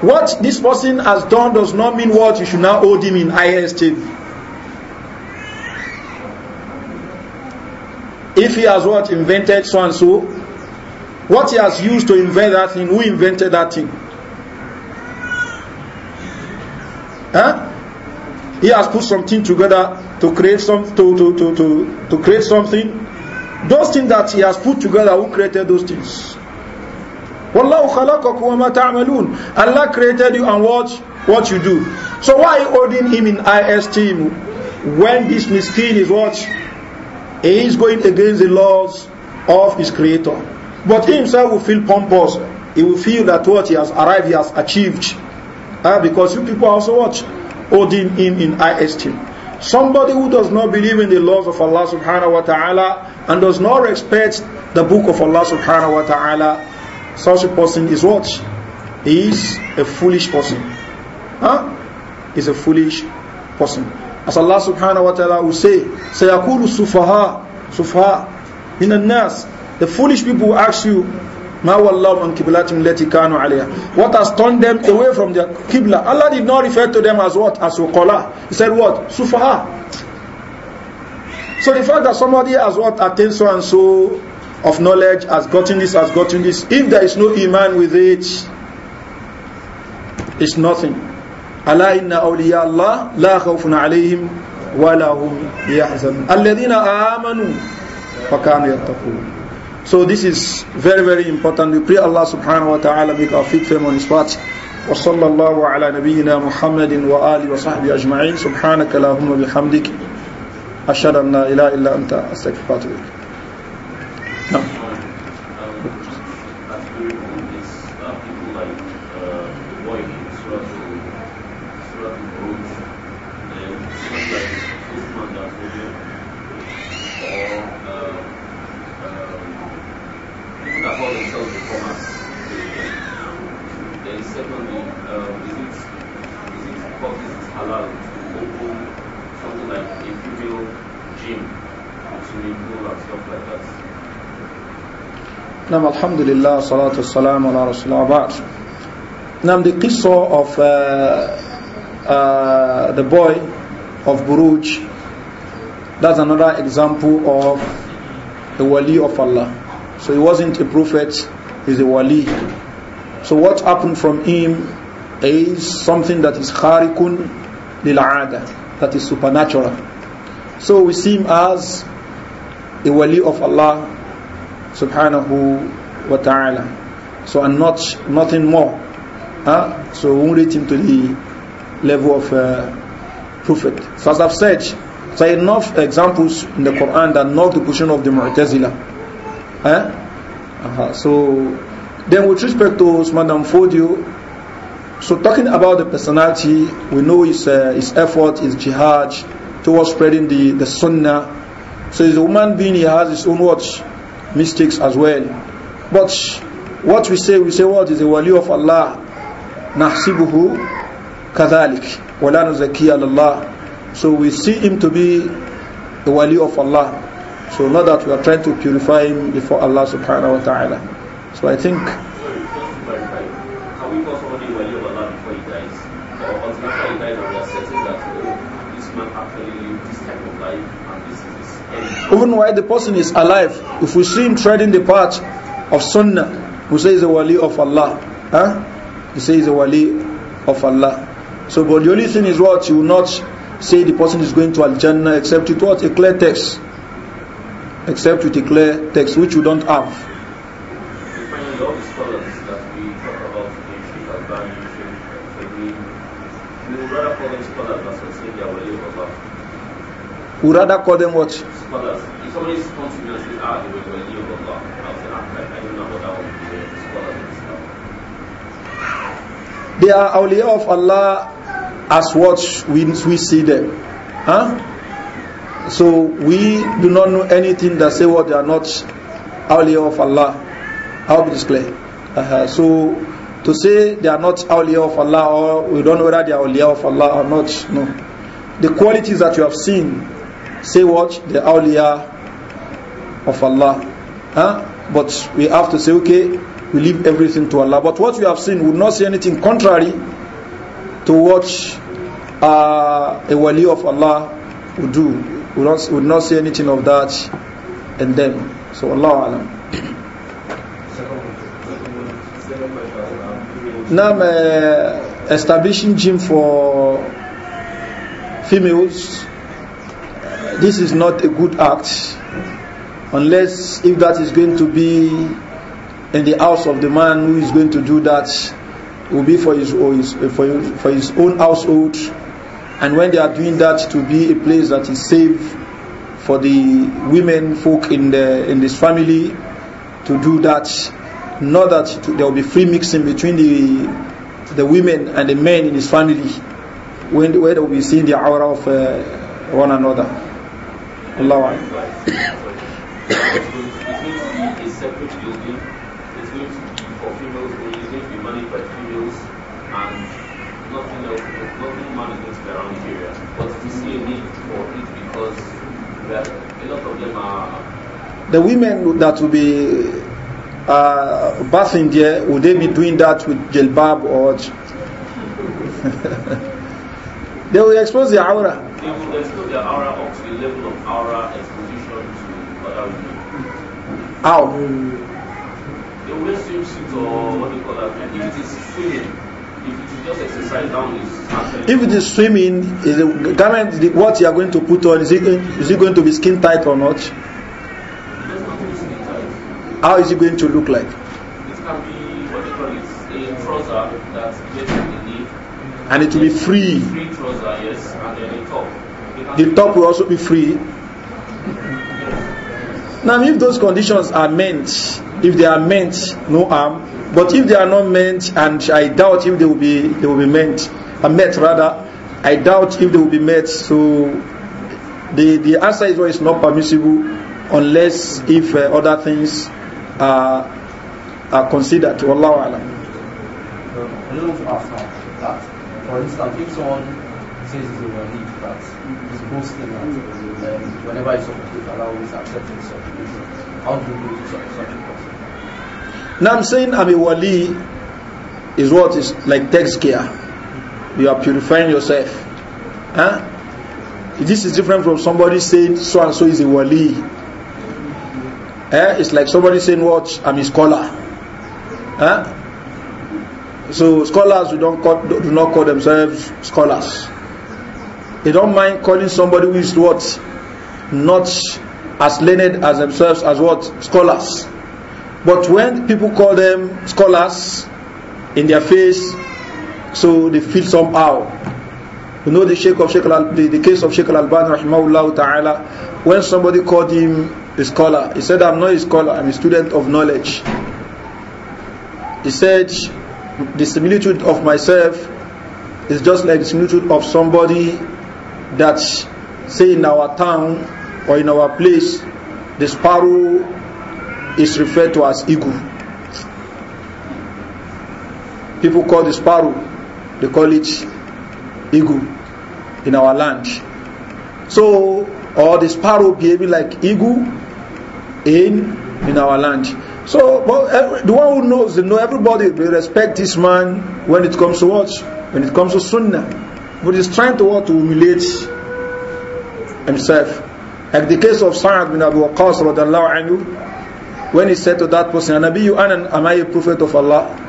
What this person has done does not mean what you should now hold him in high esteem. if he has what invented so and so, what he has used to invent that thing, who invented that thing? Huh? He has put something together to create some to, to, to, to, to create something. Those things that he has put together, who created those things? Wallahu khalaqakum wa ma ta'malun. Allah created you and what what you do. So why holding him in high esteem when this miskin is what He is going against the laws of his creator. But he himself will feel pompous. He will feel that what he has arrived, he has achieved. Uh, because you people also watch, holding him in high esteem. Somebody who does not believe in the laws of Allah subhanahu wa ta'ala and does not respect the book of Allah subhanahu wa ta'ala, such a person is what? He is a foolish person. Huh? Is a foolish person. As Allah subhanahu wa ta'ala will say, سَيَقُولُ السُّفَهَا in مِنَ النَّاسِ The foolish people will ask you, مَا وَاللَّهُ مَنْ قِبْلَاتِمْ لَتِي كَانُوا عَلَيْهَا What has turned them away from their Qibla? Allah did not refer to them as what? As uqala. He said what? Sufaha. So the fact that somebody has what? Attained so and so of knowledge, has gotten this, has gotten this. If there is no iman with it, it's nothing. ألا إن أولياء الله لا خوف عليهم ولا هم يحزنون الذين آمنوا فكانوا يتقون So this is very very important. We pray Allah subhanahu wa ta'ala make our feet firm on his path. وصلى الله على نبينا محمد وآله وصحبه أجمعين سبحانك اللهم وبحمدك أشهد أن لا إله إلا أنت أستغفرك نعم Nam alhamdulillah, salatu salam ala rasulullah abad. Nam the qissa of uh, uh, the boy of Buruj, that's another example of the wali of Allah. So he wasn't a prophet, he's a wali. So what happened from him is something that is kharikun lil'ada, that is supernatural. So we see him as a wali of Allah subhanahu wa ta'ala. So, and not, nothing more. Huh? So, we will reach him to the level of uh, prophet. So, as I've said, there are enough examples in the Quran that not the position of the Mu'tazila. Huh? Uh-huh. So, then with respect to Madam Fodio, so talking about the personality, we know his, uh, his effort, his jihad towards spreading the, the sunnah. So he's a human being, he has his own watch, mistakes as well. But what we say, we say what is the wali of Allah? Nahsibuhu kadhalik. Wala nuzaki Allah. So we see him to be the wali of Allah. So not that we are trying to purify him before Allah subhanahu wa ta'ala. So I think Even while the person is alive, if we see him treading the path of Sunnah, we say he's a wali of Allah. Huh? We say he's a wali of Allah. So, but the only thing is what? You will not say the person is going to Al Jannah except with what? A clear text. Except with a clear text, which you don't have. We find all the scholars that we talk about we would rather call them scholars than say they are wali of Allah. We would rather call them what? scholars, if they of Allah, i say, ah, I don't know that the scholars Islam. They are awliya of Allah as what we, we see them. Huh? So we do not know anything that say what they are not awliya of Allah. I'll display? clear. Uh -huh. So to say they are not awliya of Allah or we don't know whether they are awliya of Allah or not, no. The qualities that you have seen say what the awliya of Allah. Huh? But we have to say, okay, we leave everything to Allah. But what we have seen would not see anything contrary to what uh, a wali of Allah would do. We not, would not see anything of that in them. So Allah Alam. Now, uh, establishing gym for females this is not a good act unless if that is going to be in the house of the man who is going to do that will be for his, his, for for his own household and when they are doing that to be a place that is safe for the women folk in the in this family to do that not that there will be free mixing between the the women and the men in his family when, when they will be seeing the aura of uh, one another Allah. It's going to be for females by females and management the But we see a need for it because a lot of them The women that will be uh, bathing there, would they be doing that with jilbab or? *laughs* they will expose their aura if you exclude the aura up the level of aura exposition to other How? The way swimsuit or what do you call that? if it is swimming, if it is just exercise down, is If it is swimming, is the garment what you are going to put on is it is it going to be skin tight or not? How is it going to look like? It can be what they call it, a trouser that's gets the knee. And it will be free. Free trouser, yes the top will also be free. Now, if those conditions are meant, if they are meant, no harm. But if they are not meant, and I doubt if they will be, they will be meant, uh, met rather, I doubt if they will be met. So, the the answer is well, it's not permissible unless if uh, other things are are considered. Wallahu alam. Uh, I just want to ask that, for instance, if someone says he's a wali, that whenever How do you go to such, such a person? Now I'm saying I'm a wali is what is like takes care. You are purifying yourself. Huh? This is different from somebody saying so and so is a wali. Eh? It's like somebody saying, Watch, I'm a scholar. Huh? So, scholars who don't call, do not call themselves scholars. They don't mind calling somebody who is what? Not as learned as themselves as what? Scholars. But when people call them scholars in their face, so they feel somehow. You know the Sheikh of Sheikh Al the, the case of Sheikh Al Albani rahimahullah ta'ala when somebody called him a scholar, he said, I'm not a scholar, I'm a student of knowledge. He said, the similitude of myself is just like the similitude of somebody that, say, in our town or in our place, the sparrow is referred to as eagle. People call the sparrow, they call it eagle in our land. So, or the sparrow behaving like eagle in in our land. So, every, the one who knows, know everybody. will respect this man when it comes to what, when it comes to sunnah. but he's trying to want to humiliate himself like the case of Sa'ad bin Abu Waqqas radiallahu anhu when he said to that person am I a prophet of Allah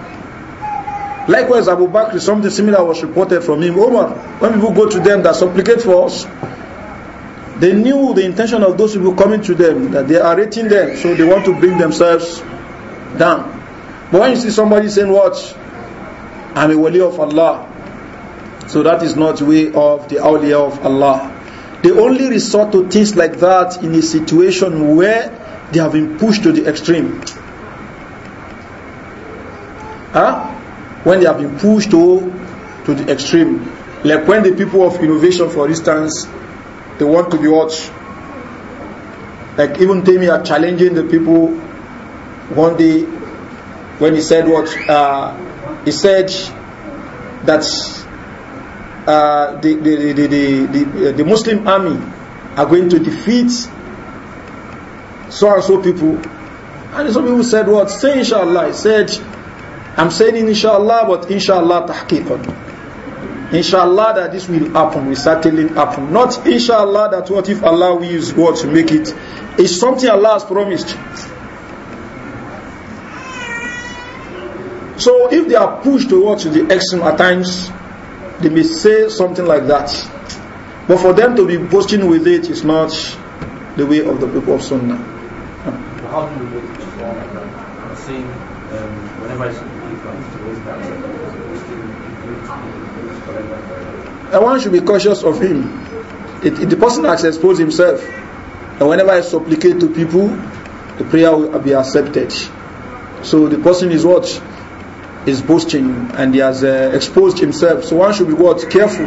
likewise Abu Bakr something similar was reported from him Omar when people go to them that supplicate for us they knew the intention of those people coming to them that they are rating them so they want to bring themselves down but when you see somebody saying what I'm a wali of Allah So that is not way of the awliya of Allah. They only resort to things like that in a situation where they have been pushed to the extreme. Huh? When they have been pushed to, to the extreme. Like when the people of innovation, for instance, they want to be watched. Like even Temi are challenging the people one day when he said what uh, he said that uh, the, the, the, uh, the, Muslim army are going to defeat so and so people. And some people said, What? Say inshallah. He said, I'm saying inshallah, but inshallah tahqiqan. Inshallah that this will happen, will certainly happen. Not inshallah that what if Allah wills what to make it. It's something Allah has promised. So if they are pushed towards the extreme at times, they may say something like that. But for them to be boasting with it is not the way of the people of Sunnah. How do you relate to that? I'm saying, um, whenever I speak, and one should be cautious of him. It, it, the person has exposed himself. And whenever I supplicate to people, the prayer will be accepted. So the person is what? is boasting and he has uh, exposed himself. So one should be what? Careful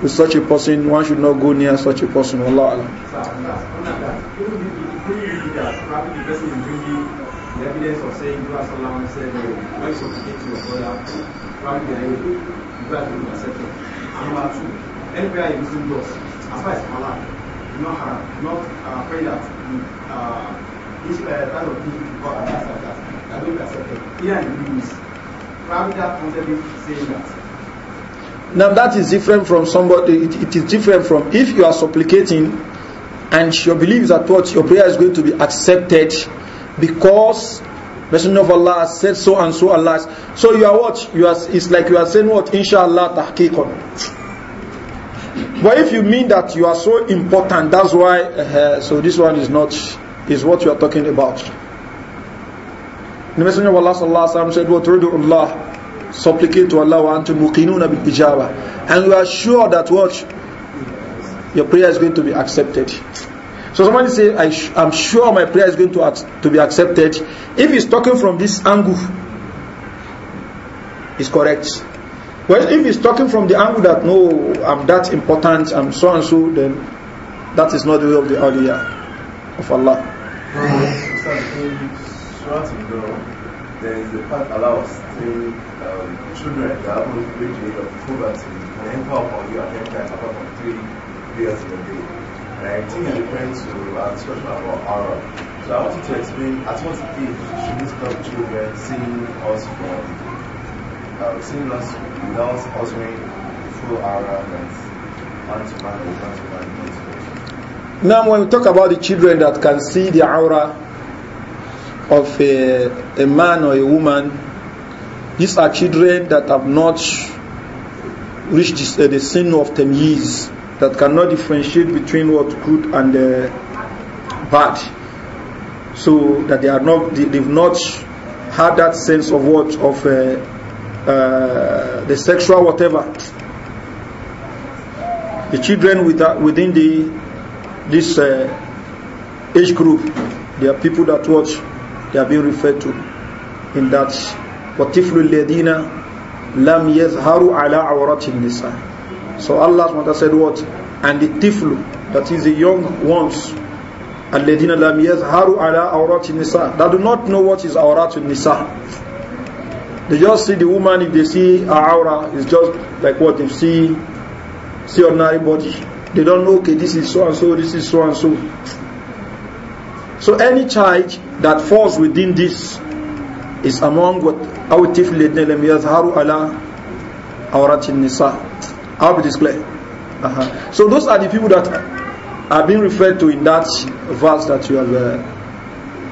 with such a person. One should not go near such a person. Allah Allah evidence of saying you are said your brother, probably you number two, anywhere you using as far as not haram, not uh, that uh, this uh, kind of thing God has don't accept it. Here in the now that is different from somebody, it, it is different from if you are supplicating and your belief is that what your prayer is going to be accepted because Messenger of Allah has said so and so Allah. so you are what? You are, it's like you are saying what? Inshallah tahqiqan. But if you mean that you are so important, that's why, uh, so this one is not, is what you are talking about. The Messenger of Allah sallallahu said, "What Allah, supplicate to Allah wa muqinuna bil ijaba," and you are sure that what your prayer is going to be accepted. So somebody say, I am sure my prayer is going to, to be accepted. If he's talking from this angle, it's correct. Well, if he's talking from the angle that no, I'm that important, I'm so and so, then that is not the way of the awliya of Allah throughout the law, there is a part allows to um, children that have only reached the age of puberty can empower upon you and any time apart from three years in a day. And I think it depends to our discussion about Aura. So I want you to explain at what age should we stop children seeing us from um, seeing us without us wearing full Aura and man to man man to man. Now, when we talk about the children that can see the aura of a, a man or a woman, these are children that have not reached this, uh, the sin of 10 years, that cannot differentiate between what good and uh, bad. So that they are not, they, have not had that sense of what, of uh, uh the sexual whatever. The children with that, uh, within the, this uh, age group, they are people that watch they are being referred to in that وَطِفْلُ الَّذِينَ لَمْ يَظْهَرُ عَلَىٰ عَوْرَةِ النِّسَاءِ So Allah SWT said what? And the tiflu, that is the young ones, الَّذِينَ لَمْ يَظْهَرُ عَلَىٰ عَوْرَةِ النِّسَاءِ That do not know what is عَوْرَةُ النِّسَاءِ They just see the woman, if they see her aura, it's just like what they see, see ordinary body. They don't know, okay, this is so and so, this is so and so. So any charge that falls within this is among what our الطفل الذين لم I'll be displayed. Uh -huh. So those are the people that are being referred to in that verse that you have uh,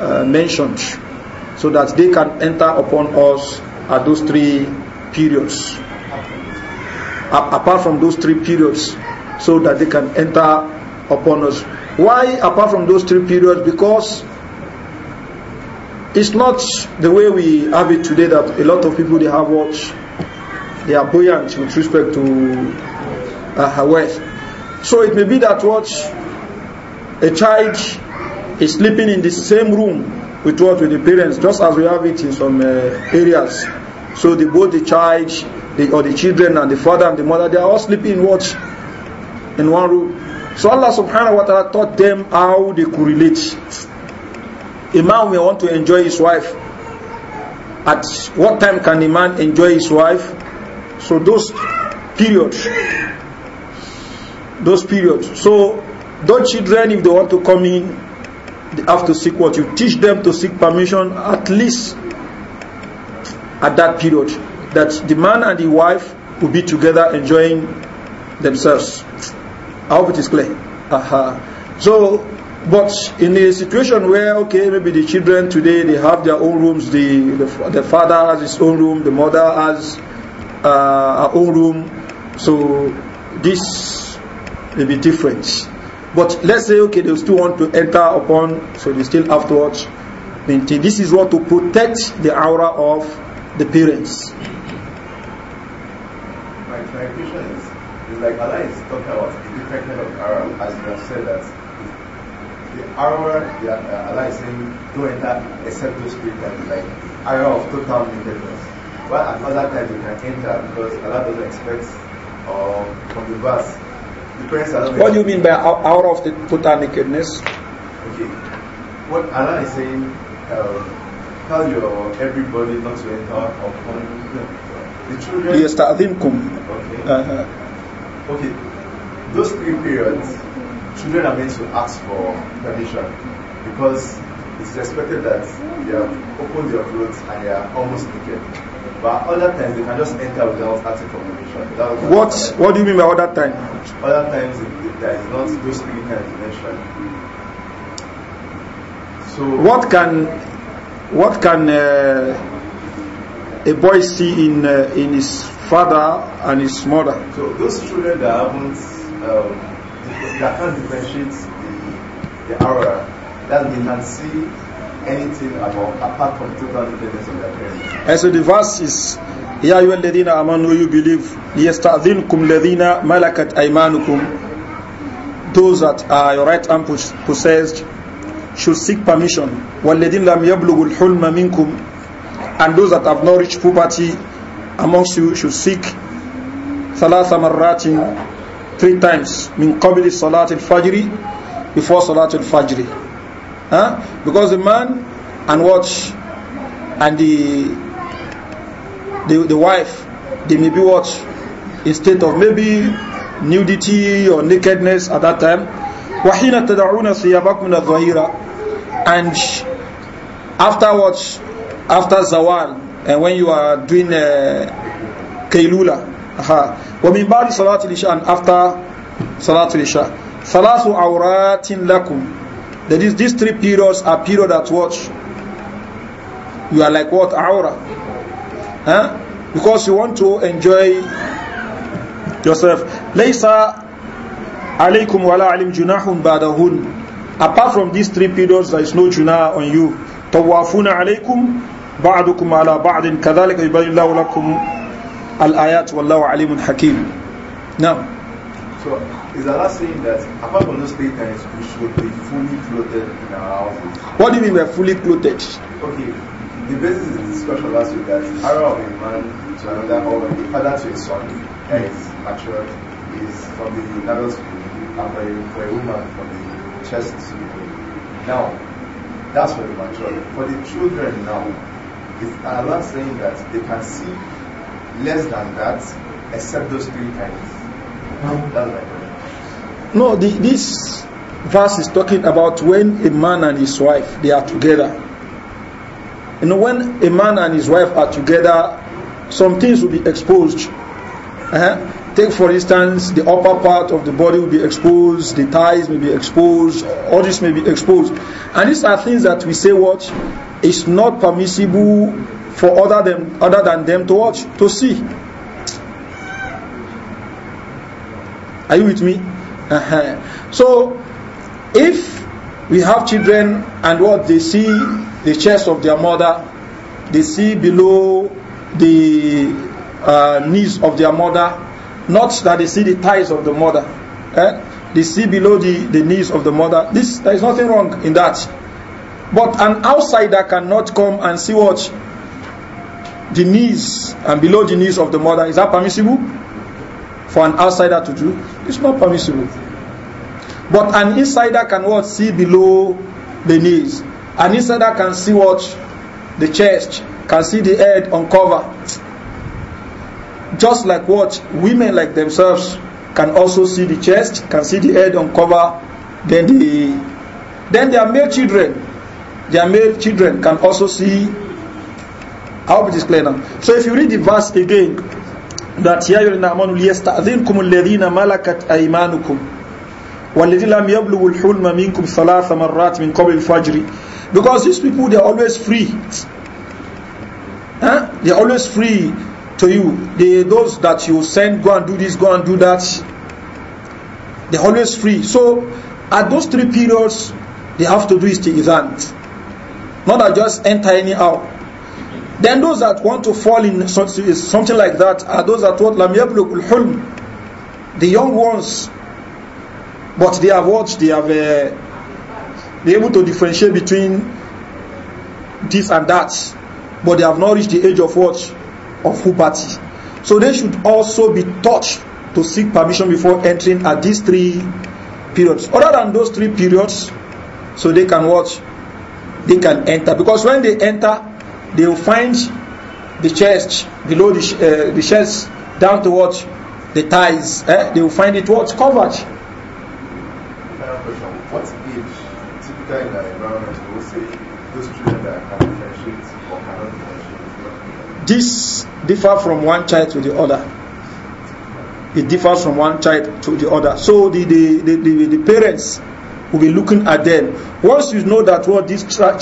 uh, mentioned, so that they can enter upon us at those three periods. A apart from those three periods, so that they can enter upon us. Why, apart from those three periods? Because it's not the way we have it today that a lot of people they have what they are buoyant with respect to uh, wealth. So it may be that what a child is sleeping in the same room with what with the parents, just as we have it in some uh, areas. So the, both the child the, or the children and the father and the mother, they are all sleeping in what in one room. So Allah subhanahu wa ta'ala taught them how they could relate. A man may want to enjoy his wife. At what time can a man enjoy his wife? So those periods. Those periods. So those children, if they want to come in, they have to seek what you teach them to seek permission at least at that period that the man and the wife will be together enjoying themselves. I hope it is clear. Uh-huh. So, but in a situation where, okay, maybe the children today they have their own rooms, the, the, the father has his own room, the mother has uh, her own room, so this may be different. But let's say, okay, they still want to enter upon, so they still have to watch. This is what to protect the aura of the parents. My, my question is, is like Allah is talking about pregnant of Aaron, as you have said that the hour the uh, Allah is saying don't enter except those people that is like hour of total nakedness. But other times you can enter because Allah doesn't expect uh, from the verse. The parents are What do you mean by hour of the total nakedness? Okay. What Allah is saying, um, tell your everybody not to enter upon the children. Yes, ta'adhimkum. Okay. Uh -huh. Okay those three periods, children are meant to ask for permission because it's expected that you have opened your clothes and you are almost naked. But other times they can just enter without asking for permission. What What do you mean by other times? Other times there is not those three times mentioned. So what can what can uh, a boy see in uh, in his father and his mother? So those children that haven't um, Lacan differentiates the, the aura. That they can see anything about apart from total dependence on their parents. And so the verse is يا أيها الذين آمنوا you believe ليستأذنكم الذين ملكت أيمانكم those that are your right hand possessed should seek permission والذين لم يبلغوا الحلم منكم and those that have not reached puberty amongst you should seek ثلاث مرات three times min qabli salat al-fajr before salat al-fajr huh? because the man and watch and the the, the wife they may be what in of maybe nudity or nakedness at that time وحين تدعون ثيابكم الظهيرة and afterwards after zawal and when you are doing uh, kailula ومن بعد صلاة العشاء and after صلاة العشاء ثلاث عورات لكم that is these three periods are period at what you are like what aura huh? because you want to enjoy yourself ليس عليكم ولا علم جناح بعدهن apart from these three periods there is no junah on you طوافون عليكم بعضكم على بعض كذلك يبين الله لكم Al-ayat wallahu alimun hakim. Now. So, is Allah saying that apart from those three we should be fully clothed in our houses? What do you mean by fully clothed? Okay, the basis of the discussion last week that arrow of a man to another woman, the father to his son that is matured is from the navel school and for a, for a woman from the chest to the knee. Now, that's for the matured. For the children now, is Allah saying that they can see less than that except those three times. No, the, this verse is talking about when a man and his wife they are together. You know, when a man and his wife are together, some things will be exposed. Uh -huh. Take, for instance, the upper part of the body will be exposed, the thighs may be exposed, all this may be exposed. And these are things that we say what is not permissible for other them other than them to watch, to see. Are you with me? Uh -huh. So if we have children and what they see the chest of their mother, they see below the uh, knees of their mother, not that they see the thighs of the mother. Eh? They see below the, the knees of the mother. This there is nothing wrong in that. But an outsider cannot come and see what the knees and below the knees of the mother, is that permissible for an outsider to do? It's not permissible. But an insider can what see below the knees. An insider can see what the chest, can see the head uncovered. Just like what women like themselves can also see the chest, can see the head uncovered. Then the then their male children, their male children can also see I hope it is clear now. So if you read the verse again, that يَا يُرِنَا أَمَانُ لِيَسْتَأْذِنْكُمُ الَّذِينَ مَلَكَتْ أَيْمَانُكُمْ وَالَّذِينَ لَمْ يَبْلُغُوا الْحُلْمَ مِنْكُمْ ثَلَاثَ مَرَّاتٍ مِنْ قَبْلِ الْفَجْرِ Because these people, they are always free. Huh? They are always free to you. They, those that you send, go and do this, go and do that. They're always free. So at those three periods, they have to do event. Not that just enter anyhow. Then those that want to fall in something like that are those that want lam yablugul hulm, the young ones. But they have watched, they have uh, they able to differentiate between this and that, but they have not reached the age of what of puberty. So they should also be taught to seek permission before entering at these three periods. Other than those three periods, so they can watch, they can enter. Because when they enter, they will find the chest below the, uh, the chest down towards the thighs. Eh? They will find it what's covered. Final question: What age typically in the environment they will say those children that can differentiate or cannot differentiate? This differ from one child to the other. It differs from one child to the other. So the, the, the, the, the parents will be looking at them. Once you know that what this child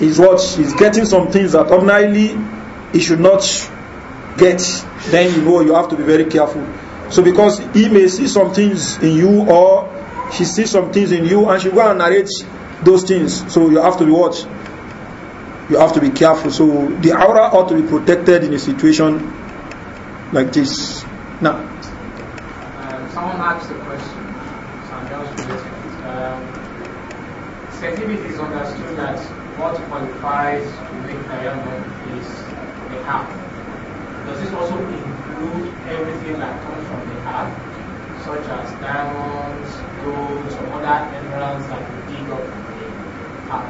is what is getting some things that ordinarily he should not get, then you know you have to be very careful. So because he may see some things in you or she sees some things in you and she go and narrate those things. So you have to be watch. You have to be careful. So the aura ought to be protected in a situation like this. Now, um, someone asked a question. So I'm um, is understood that what qualifies to make diamond is the heart. Does this also include everything that comes from the heart, such as diamonds, gold, some other minerals that we dig up from the heart?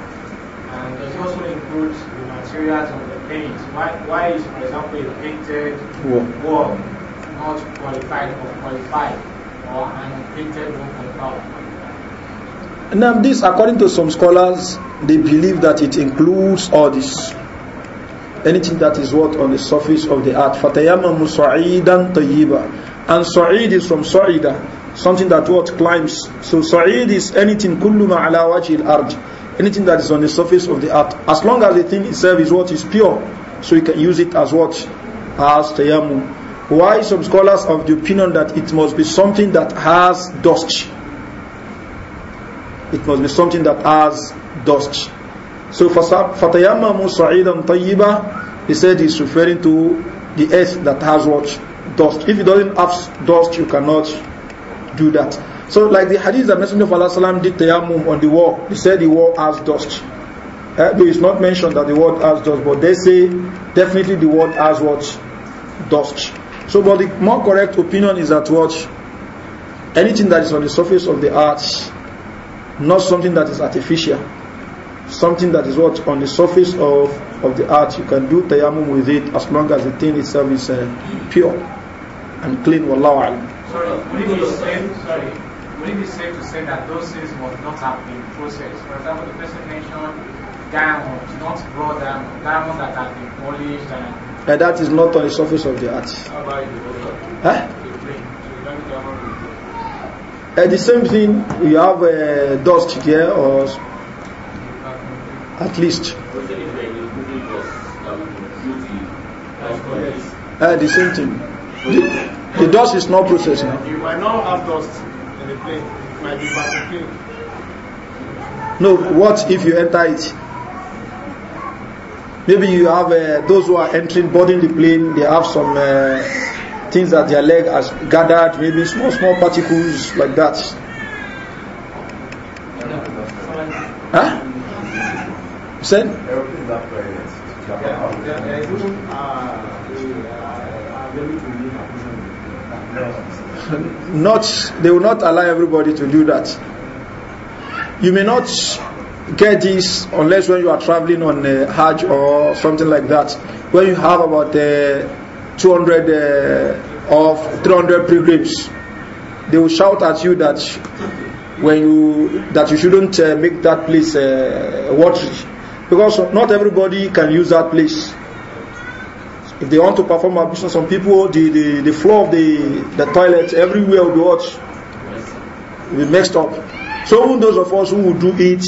And does it also include the materials on the paint? Why, why is, for example, a painted wall not qualified or qualified, or an painted wall qualified? Now, this, according to some scholars, they believe that it includes all this. Anything that is what on the surface of the earth. فَتَيَمَّمُ صَعِيدًا طَيِّبًا And Sa'id is from Sa'ida, something that what climbs. So Sa'id is anything كُلُّ مَا عَلَى وَجْهِ الْأَرْضِ Anything that is on the surface of the earth. As long as the thing itself is what is pure, so you can use it as what? As tayammum. Why some scholars of the opinion that it must be something that has dust it must be something that has dust. So فَتَيَمَّمُ صَعِيدًا طَيِّبًا He said he's referring to the earth that has what? Dust. If it doesn't have dust, you cannot do that. So like the hadith that Messenger of Allah did tayammum on the wall. He said the wall has dust. Uh, though it's not mentioned that the word has dust, but they say definitely the word has what? Dust. So but the more correct opinion is that what? Anything that is on the surface of the earth not something that is artificial, something that is what on the surface of, of the earth. You can do tayammum with it as long as the thing itself is uh, pure and clean. Wallahu alam. Sorry, would it be safe? Sorry, would it be safe to say that those things must not have been processed? For example, the person mentioned diamonds, not raw diamonds, diamonds that has been polished and. And that is not on the surface of the earth. How about the huh? At uh, the same thing, you have a uh, dust here, or at least. Uh, the same thing. The, the dust is not processed now. You might not have dust in the plane. It might be No, what if you enter it? Maybe you have uh, those who are entering, boarding the plane, they have some. Uh, things that their leg has gathered, maybe small, small particles like that. Huh? You said? Not, they will not allow everybody to do that. You may not get this unless when you are traveling on a uh, Hajj or something like that. When you have about uh, 200 uh, of 300 pilgrims they will shout at you that when you that you shouldn't uh, make that place uh, watery because not everybody can use that place if they want to perform ablution some people the, the, the floor of the, the toilet everywhere will be what will be mixed up so even those of us who will do it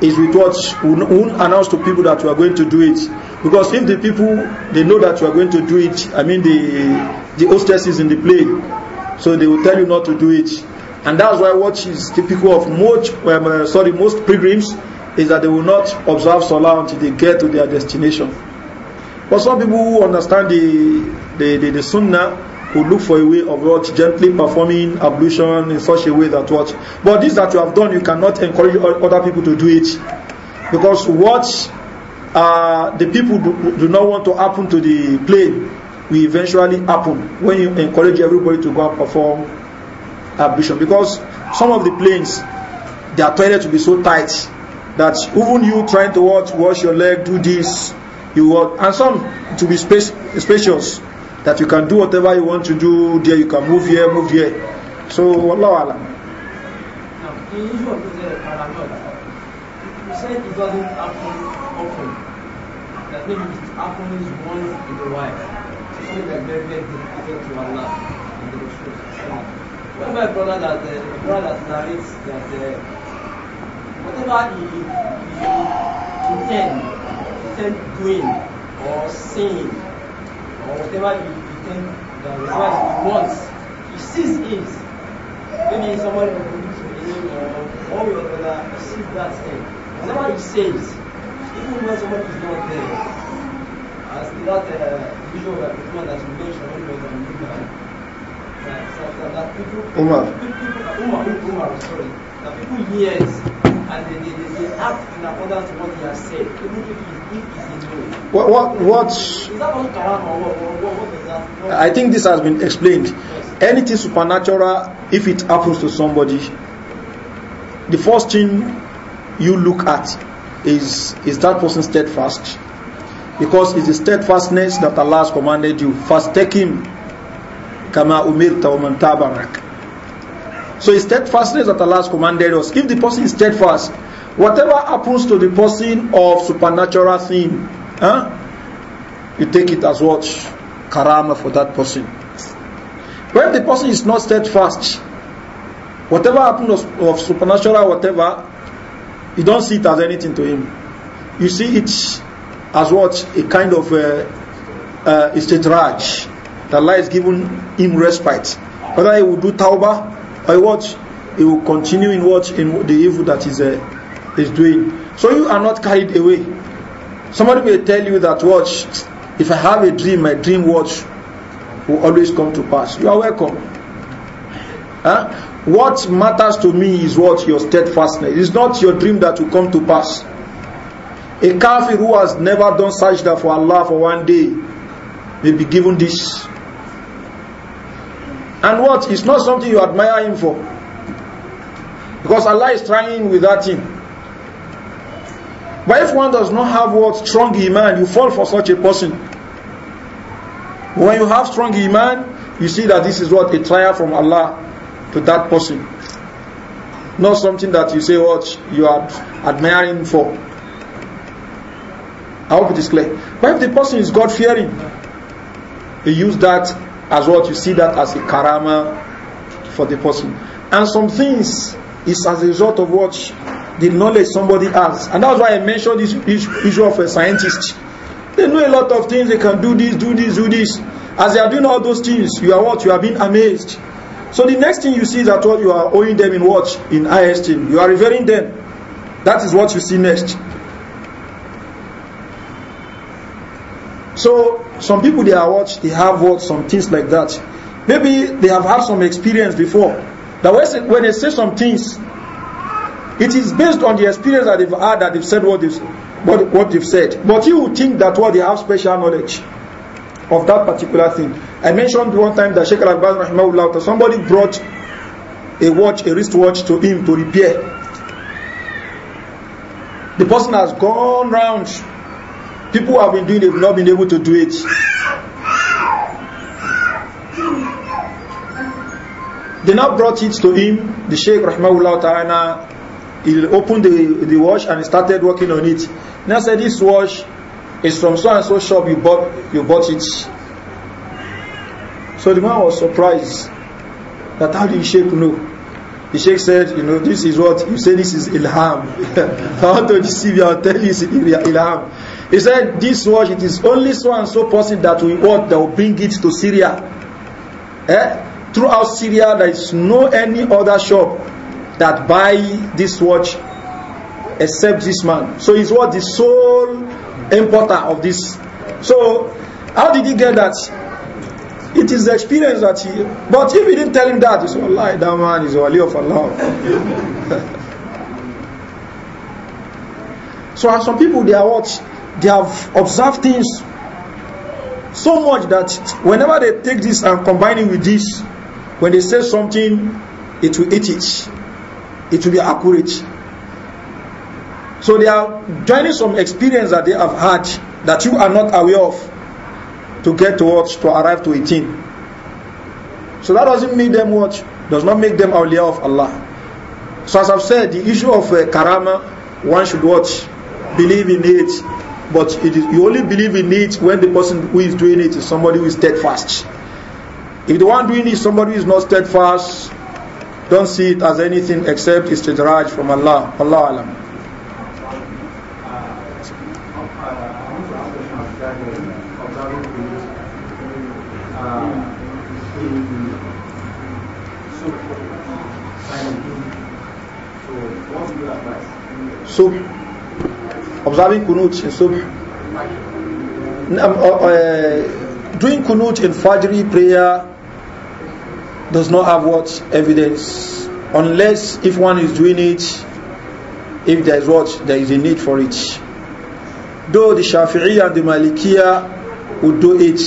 is with what we will announce to people that we are going to do it Because if the people, they know that you are going to do it, I mean the, the is in the play, so they will tell you not to do it. And that's why what is typical of most, um, uh, sorry, most pilgrims is that they will not observe Salah until they get to their destination. But some people who understand the, the, the, the Sunnah, who look for a way of what gently performing ablution in such a way that what but this that you have done you cannot encourage other people to do it because what uh, the people do, do not want to happen to the plane will eventually happen when you encourage everybody to go and perform ablution because some of the planes their toilet will be so tight that even you trying to watch, wash your leg do this you want and some to be space, spacious that you can do whatever you want to do there you can move here move here so wallah wallah you said it doesn't happen often claim it happens once in a while. So something like very very difficult to Allah in the Rasul. What about brother that uh, brother that narrates that uh, whatever he, he, he intend, intend doing or saying or whatever he intend the result he wants, he sees it. Maybe somebody will do it or one way or another, he sees that thing. Whatever he says, Even when somebody is not there, as that uh, visual Umar, Umar. Umar, sorry, that people hears and they, they, they, act in accordance to what he has said, even if he what what what I think this has been explained. Yes. Anything supernatural, if it happens to somebody, the first thing you look at is is that person steadfast? Because it's the steadfastness that Allah has commanded you. First, take him. Kama umirta wa tabarak. So it's steadfastness that Allah has commanded us. If the person is steadfast, whatever happens to the person of supernatural thing, huh, you take it as what? Karama for that person. When the person is not steadfast, whatever happens of, of supernatural, whatever, you don't see it as anything to him. You see it as what? A kind of uh, uh, a, uh, that Allah has giving him respite. Whether he will do tawbah or what? He will continue in what? In the evil that is, uh, is doing. So you are not carried away. Somebody may tell you that watch, if I have a dream, my dream watch will always come to pass. You are welcome. Huh? What matters to me is what? Your steadfastness. It's not your dream that will come to pass. A kafir who has never done sajda for Allah for one day may be given this. And what? It's not something you admire him for. Because Allah is trying with that thing. But if one does not have what? Strong Iman, you fall for such a person. When you have strong Iman, you see that this is what? A trial from Allah to that person. Not something that you say what you are admiring for. I hope it is clear. But if the person is God fearing, you use that as what you see that as a karama for the person. And some things is as a result of what the knowledge somebody has. And that's why I mentioned this issue of a scientist. They know a lot of things, they can do this, do this, do this. As they are doing all those things, you are what? You are being amazed. So the next thing you see is that what you are owing them in watch In high esteem. You are revering them. That is what you see next. So some people they are what they have what some things like that. Maybe they have had some experience before. That when they say some things, it is based on the experience that they've had that they've said what they've, what, what they've said. But you think that what they have special knowledge of that particular thing. I mentioned one time that Sheikh Al-Albani rahimahullah somebody brought a watch, a wristwatch to him to repair. The person has gone round. People have been doing it, have not been able to do it. They now brought it to him, the Sheikh Rahmahullah Ta'ala. He opened the, the watch and started working on it. Now said this watch it's from so and so shop you bought you bought it. So the man was surprised that how did Sheikh know? The Sheikh said, you know, this is what you say this is ilham. how *laughs* to deceive you, I'll tell you it's ilham. He said, This watch, it is only so and so person that we want that will bring it to Syria. Eh? Throughout Syria, there is no any other shop that buy this watch except this man. So it's what the sole importer of this. So, how did he get that? It is the experience that he. But if he didn't tell him that, he said, Allah, that man is wali of Allah. *laughs* so, as some people, they are what? They have observed things so much that whenever they take this and combine it with this, when they say something, it will eat it. It will be accurate. So they are joining some experience that they have had that you are not aware of to get towards to arrive to 18. So that doesn't make them what? Does not make them awliya of Allah. So as I've said, the issue of uh, karama, one should watch, believe in it, but it is, you only believe in it when the person who is doing it is somebody who is steadfast. If the one doing it is somebody who is not steadfast, don't see it as anything except istidraj from Allah. Allah Alam. subh, observing kunut in subh, um, uh, uh, doing kunut in fajr prayer does not have what evidence, unless if one is doing it, if there is what there is a need for it. Though the Shafi'i and the Malikiya would do it,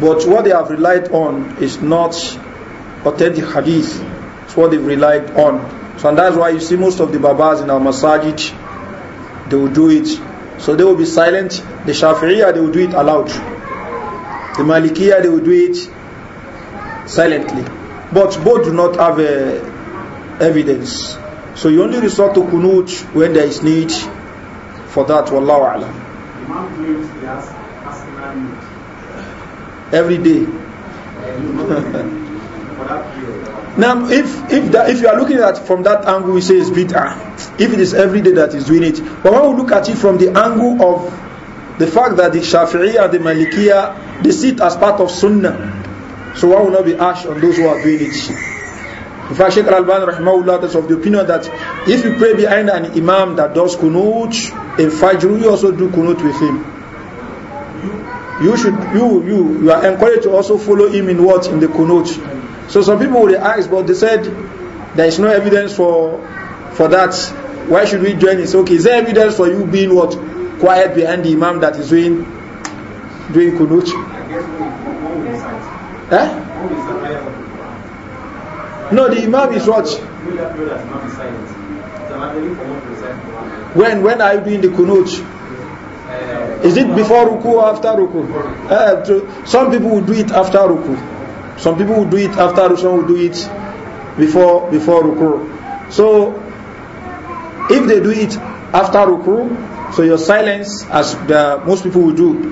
but what they have relied on is not authentic hadith. It's what they've relied on. So and that's why you see most of the babas in our masajid, they will do it. So they will be silent. The Shafi'iyah, they will do it aloud. The Malikiyah, they will do it silently. But both do not have uh, evidence. So you only resort to kunut when there is need for that. Wallahu alam. Imam claims he has personal need. Every day. Uh, *laughs* Now, if if that, if you are looking at from that angle, we say it's bitter. If it is every day that is doing it, but when we look at it from the angle of the fact that the Shafi'i and the Malikiya they see it as part of Sunnah, so why will not be ash on those who are doing it. In fact, Sheikh ban rahimahullah is of the opinion that if you pray behind an imam that does kunut in Fajr, you also do kunut with him. You should you you you are encouraged to also follow him in what in the kunut. So some people would ask, but they said there is no evidence for for that. Why should we join? It's okay. Is there evidence for you being what quiet behind the imam that is doing doing kunut? Eh? No, the imam is what. When when are you doing the kunut? Is it before ruku or after ruku? Uh, some people will do it after ruku. Some people will do it after rukun, will do it before, before rukun. So, if they do it after rukun, so your silence, as the, most people will do,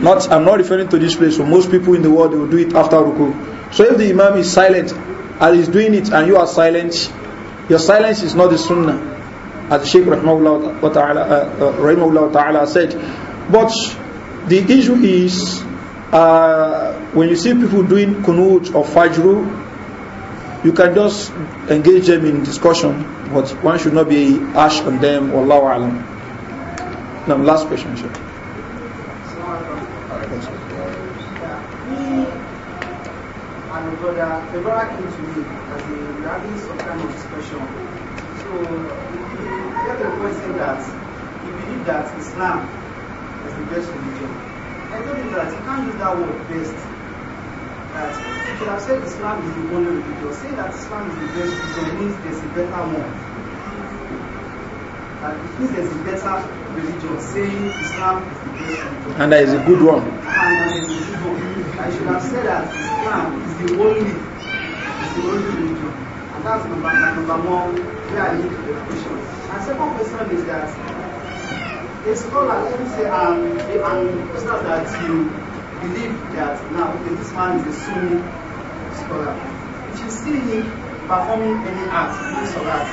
not, I'm not referring to this place, so most people in the world will do it after rukun. So if the Imam is silent, and he's doing it, and you are silent, your silence is not the Sunnah as Sheikh Rahimahullah Ta'ala, uh, uh, Rahimahullah Ta'ala said. But the issue is Uh, when you see people doing kunut or fajru, you can just engage them in discussion, but one should not be harsh on them. Wallahu alam. Now, last question, sir. And brother, came to me as a we some kind of discussion. So the a question that he believed that Islam is the best religion. I told him that you can't use that word best. That you should have said Islam is the only religion. Saying that Islam is the best religion means there's a better one. That it means there's a better religion. Saying Islam is the best religion. And that is a good one. And that is a good one. I should have said that Islam is the only, is the only religion. And that's number, number one, where I need the question. And second question is that a scholar, let me say, um, um an scholar that you believe that now, okay, this man is a Sunni scholar. If you see him performing any art, doing salat,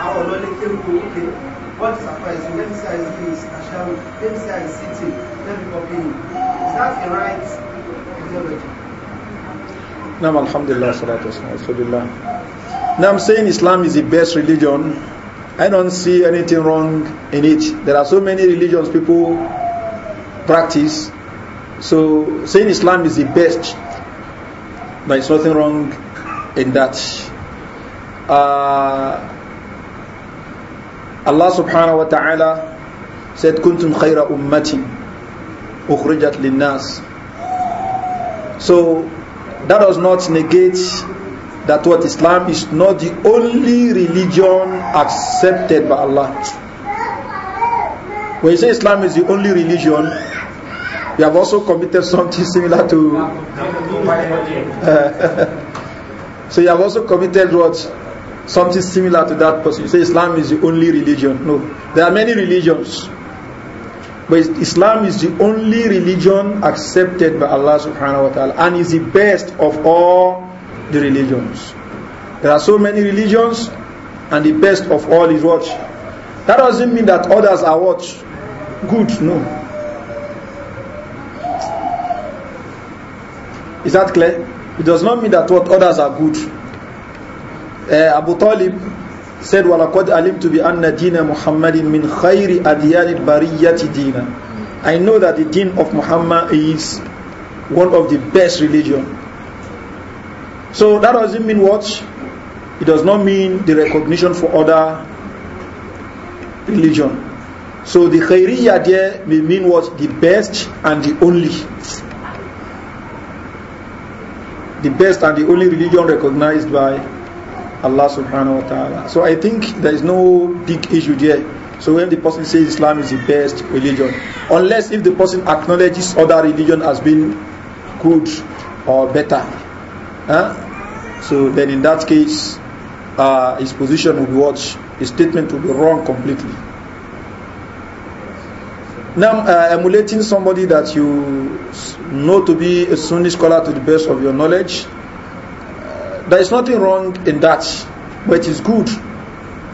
our Lord came to, okay, what surprised you? Let me say I see his asham, let me say I sitting. let me copy him. Is that the right ideology? Nam alhamdulillah, salatu wasalam, Now I'm saying Islam is the best religion I don't see anything wrong in it. There are so many religions people practice. So saying Islam is the best, there is nothing wrong in that. Uh, Allah subhanahu wa ta'ala said, Kuntum khayra ummatin ukhrijat linnas. So that does not negate that what Islam is not the only religion accepted by Allah. When you say Islam is the only religion, you have also committed something similar to. *laughs* so you have also committed what? Something similar to that person. You say Islam is the only religion. No. There are many religions. But Islam is the only religion accepted by Allah subhanahu wa ta'ala and is the best of all the religions. There are so many religions, and the best of all is what? That doesn't mean that others are what? Good, no. Is that clear? It does not mean that what others are good. Uh, Abu Talib said, وَلَقَدْ أَلِمْتُ بِأَنَّ دِينَ مُحَمَّدٍ مِنْ خَيْرِ أَدْيَانِ الْبَرِيَّةِ دِينًا I know that the deen of Muhammad is one of the best religion. So that doesn't mean what? It does not mean the recognition for other religion. So the khairiyya there may mean what? The best and the only. The best and the only religion recognized by Allah subhanahu wa ta'ala. So I think there is no big issue there. So when the person says Islam is the best religion, unless if the person acknowledges other religion as being good or better. Huh? So then in that case, uh, his position will be what? His statement will be wrong completely. Now, uh, emulating somebody that you know to be a Sunni scholar to the best of your knowledge, uh, there is nothing wrong in that, but it is good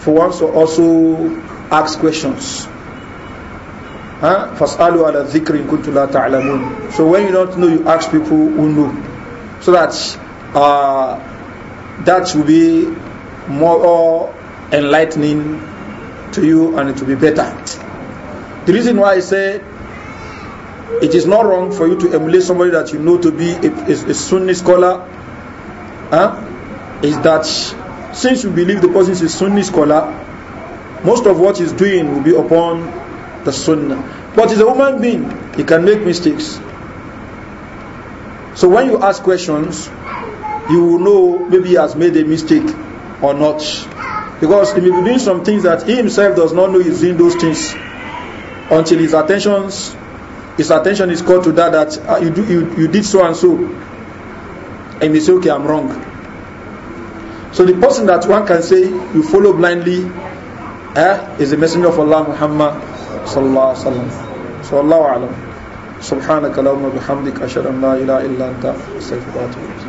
for one to also ask questions. فَاسْأَلُوا عَلَى كُنْتُ لَا تَعْلَمُونَ So when you don't know, you ask people who know. So that uh, that will be more enlightening to you and it will be better. The reason why I say it is not wrong for you to emulate somebody that you know to be a, a, a Sunni scholar huh, is that since you believe the person is a Sunni scholar, most of what he's doing will be upon the Sunnah. But he's a human being, he can make mistakes. So when you ask questions, you will know maybe he has made a mistake or not. Because he may be doing some things that he himself does not know he's doing those things until his attentions his attention is called to that that uh, you, do, you, you did so and so and he say okay I'm wrong. So the person that one can say you follow blindly eh, is the messenger of Allah Muhammad sallallahu alaihi wasallam. So Allah alam. سبحانك اللهم وبحمدك أشهد أن لا إله إلا أنت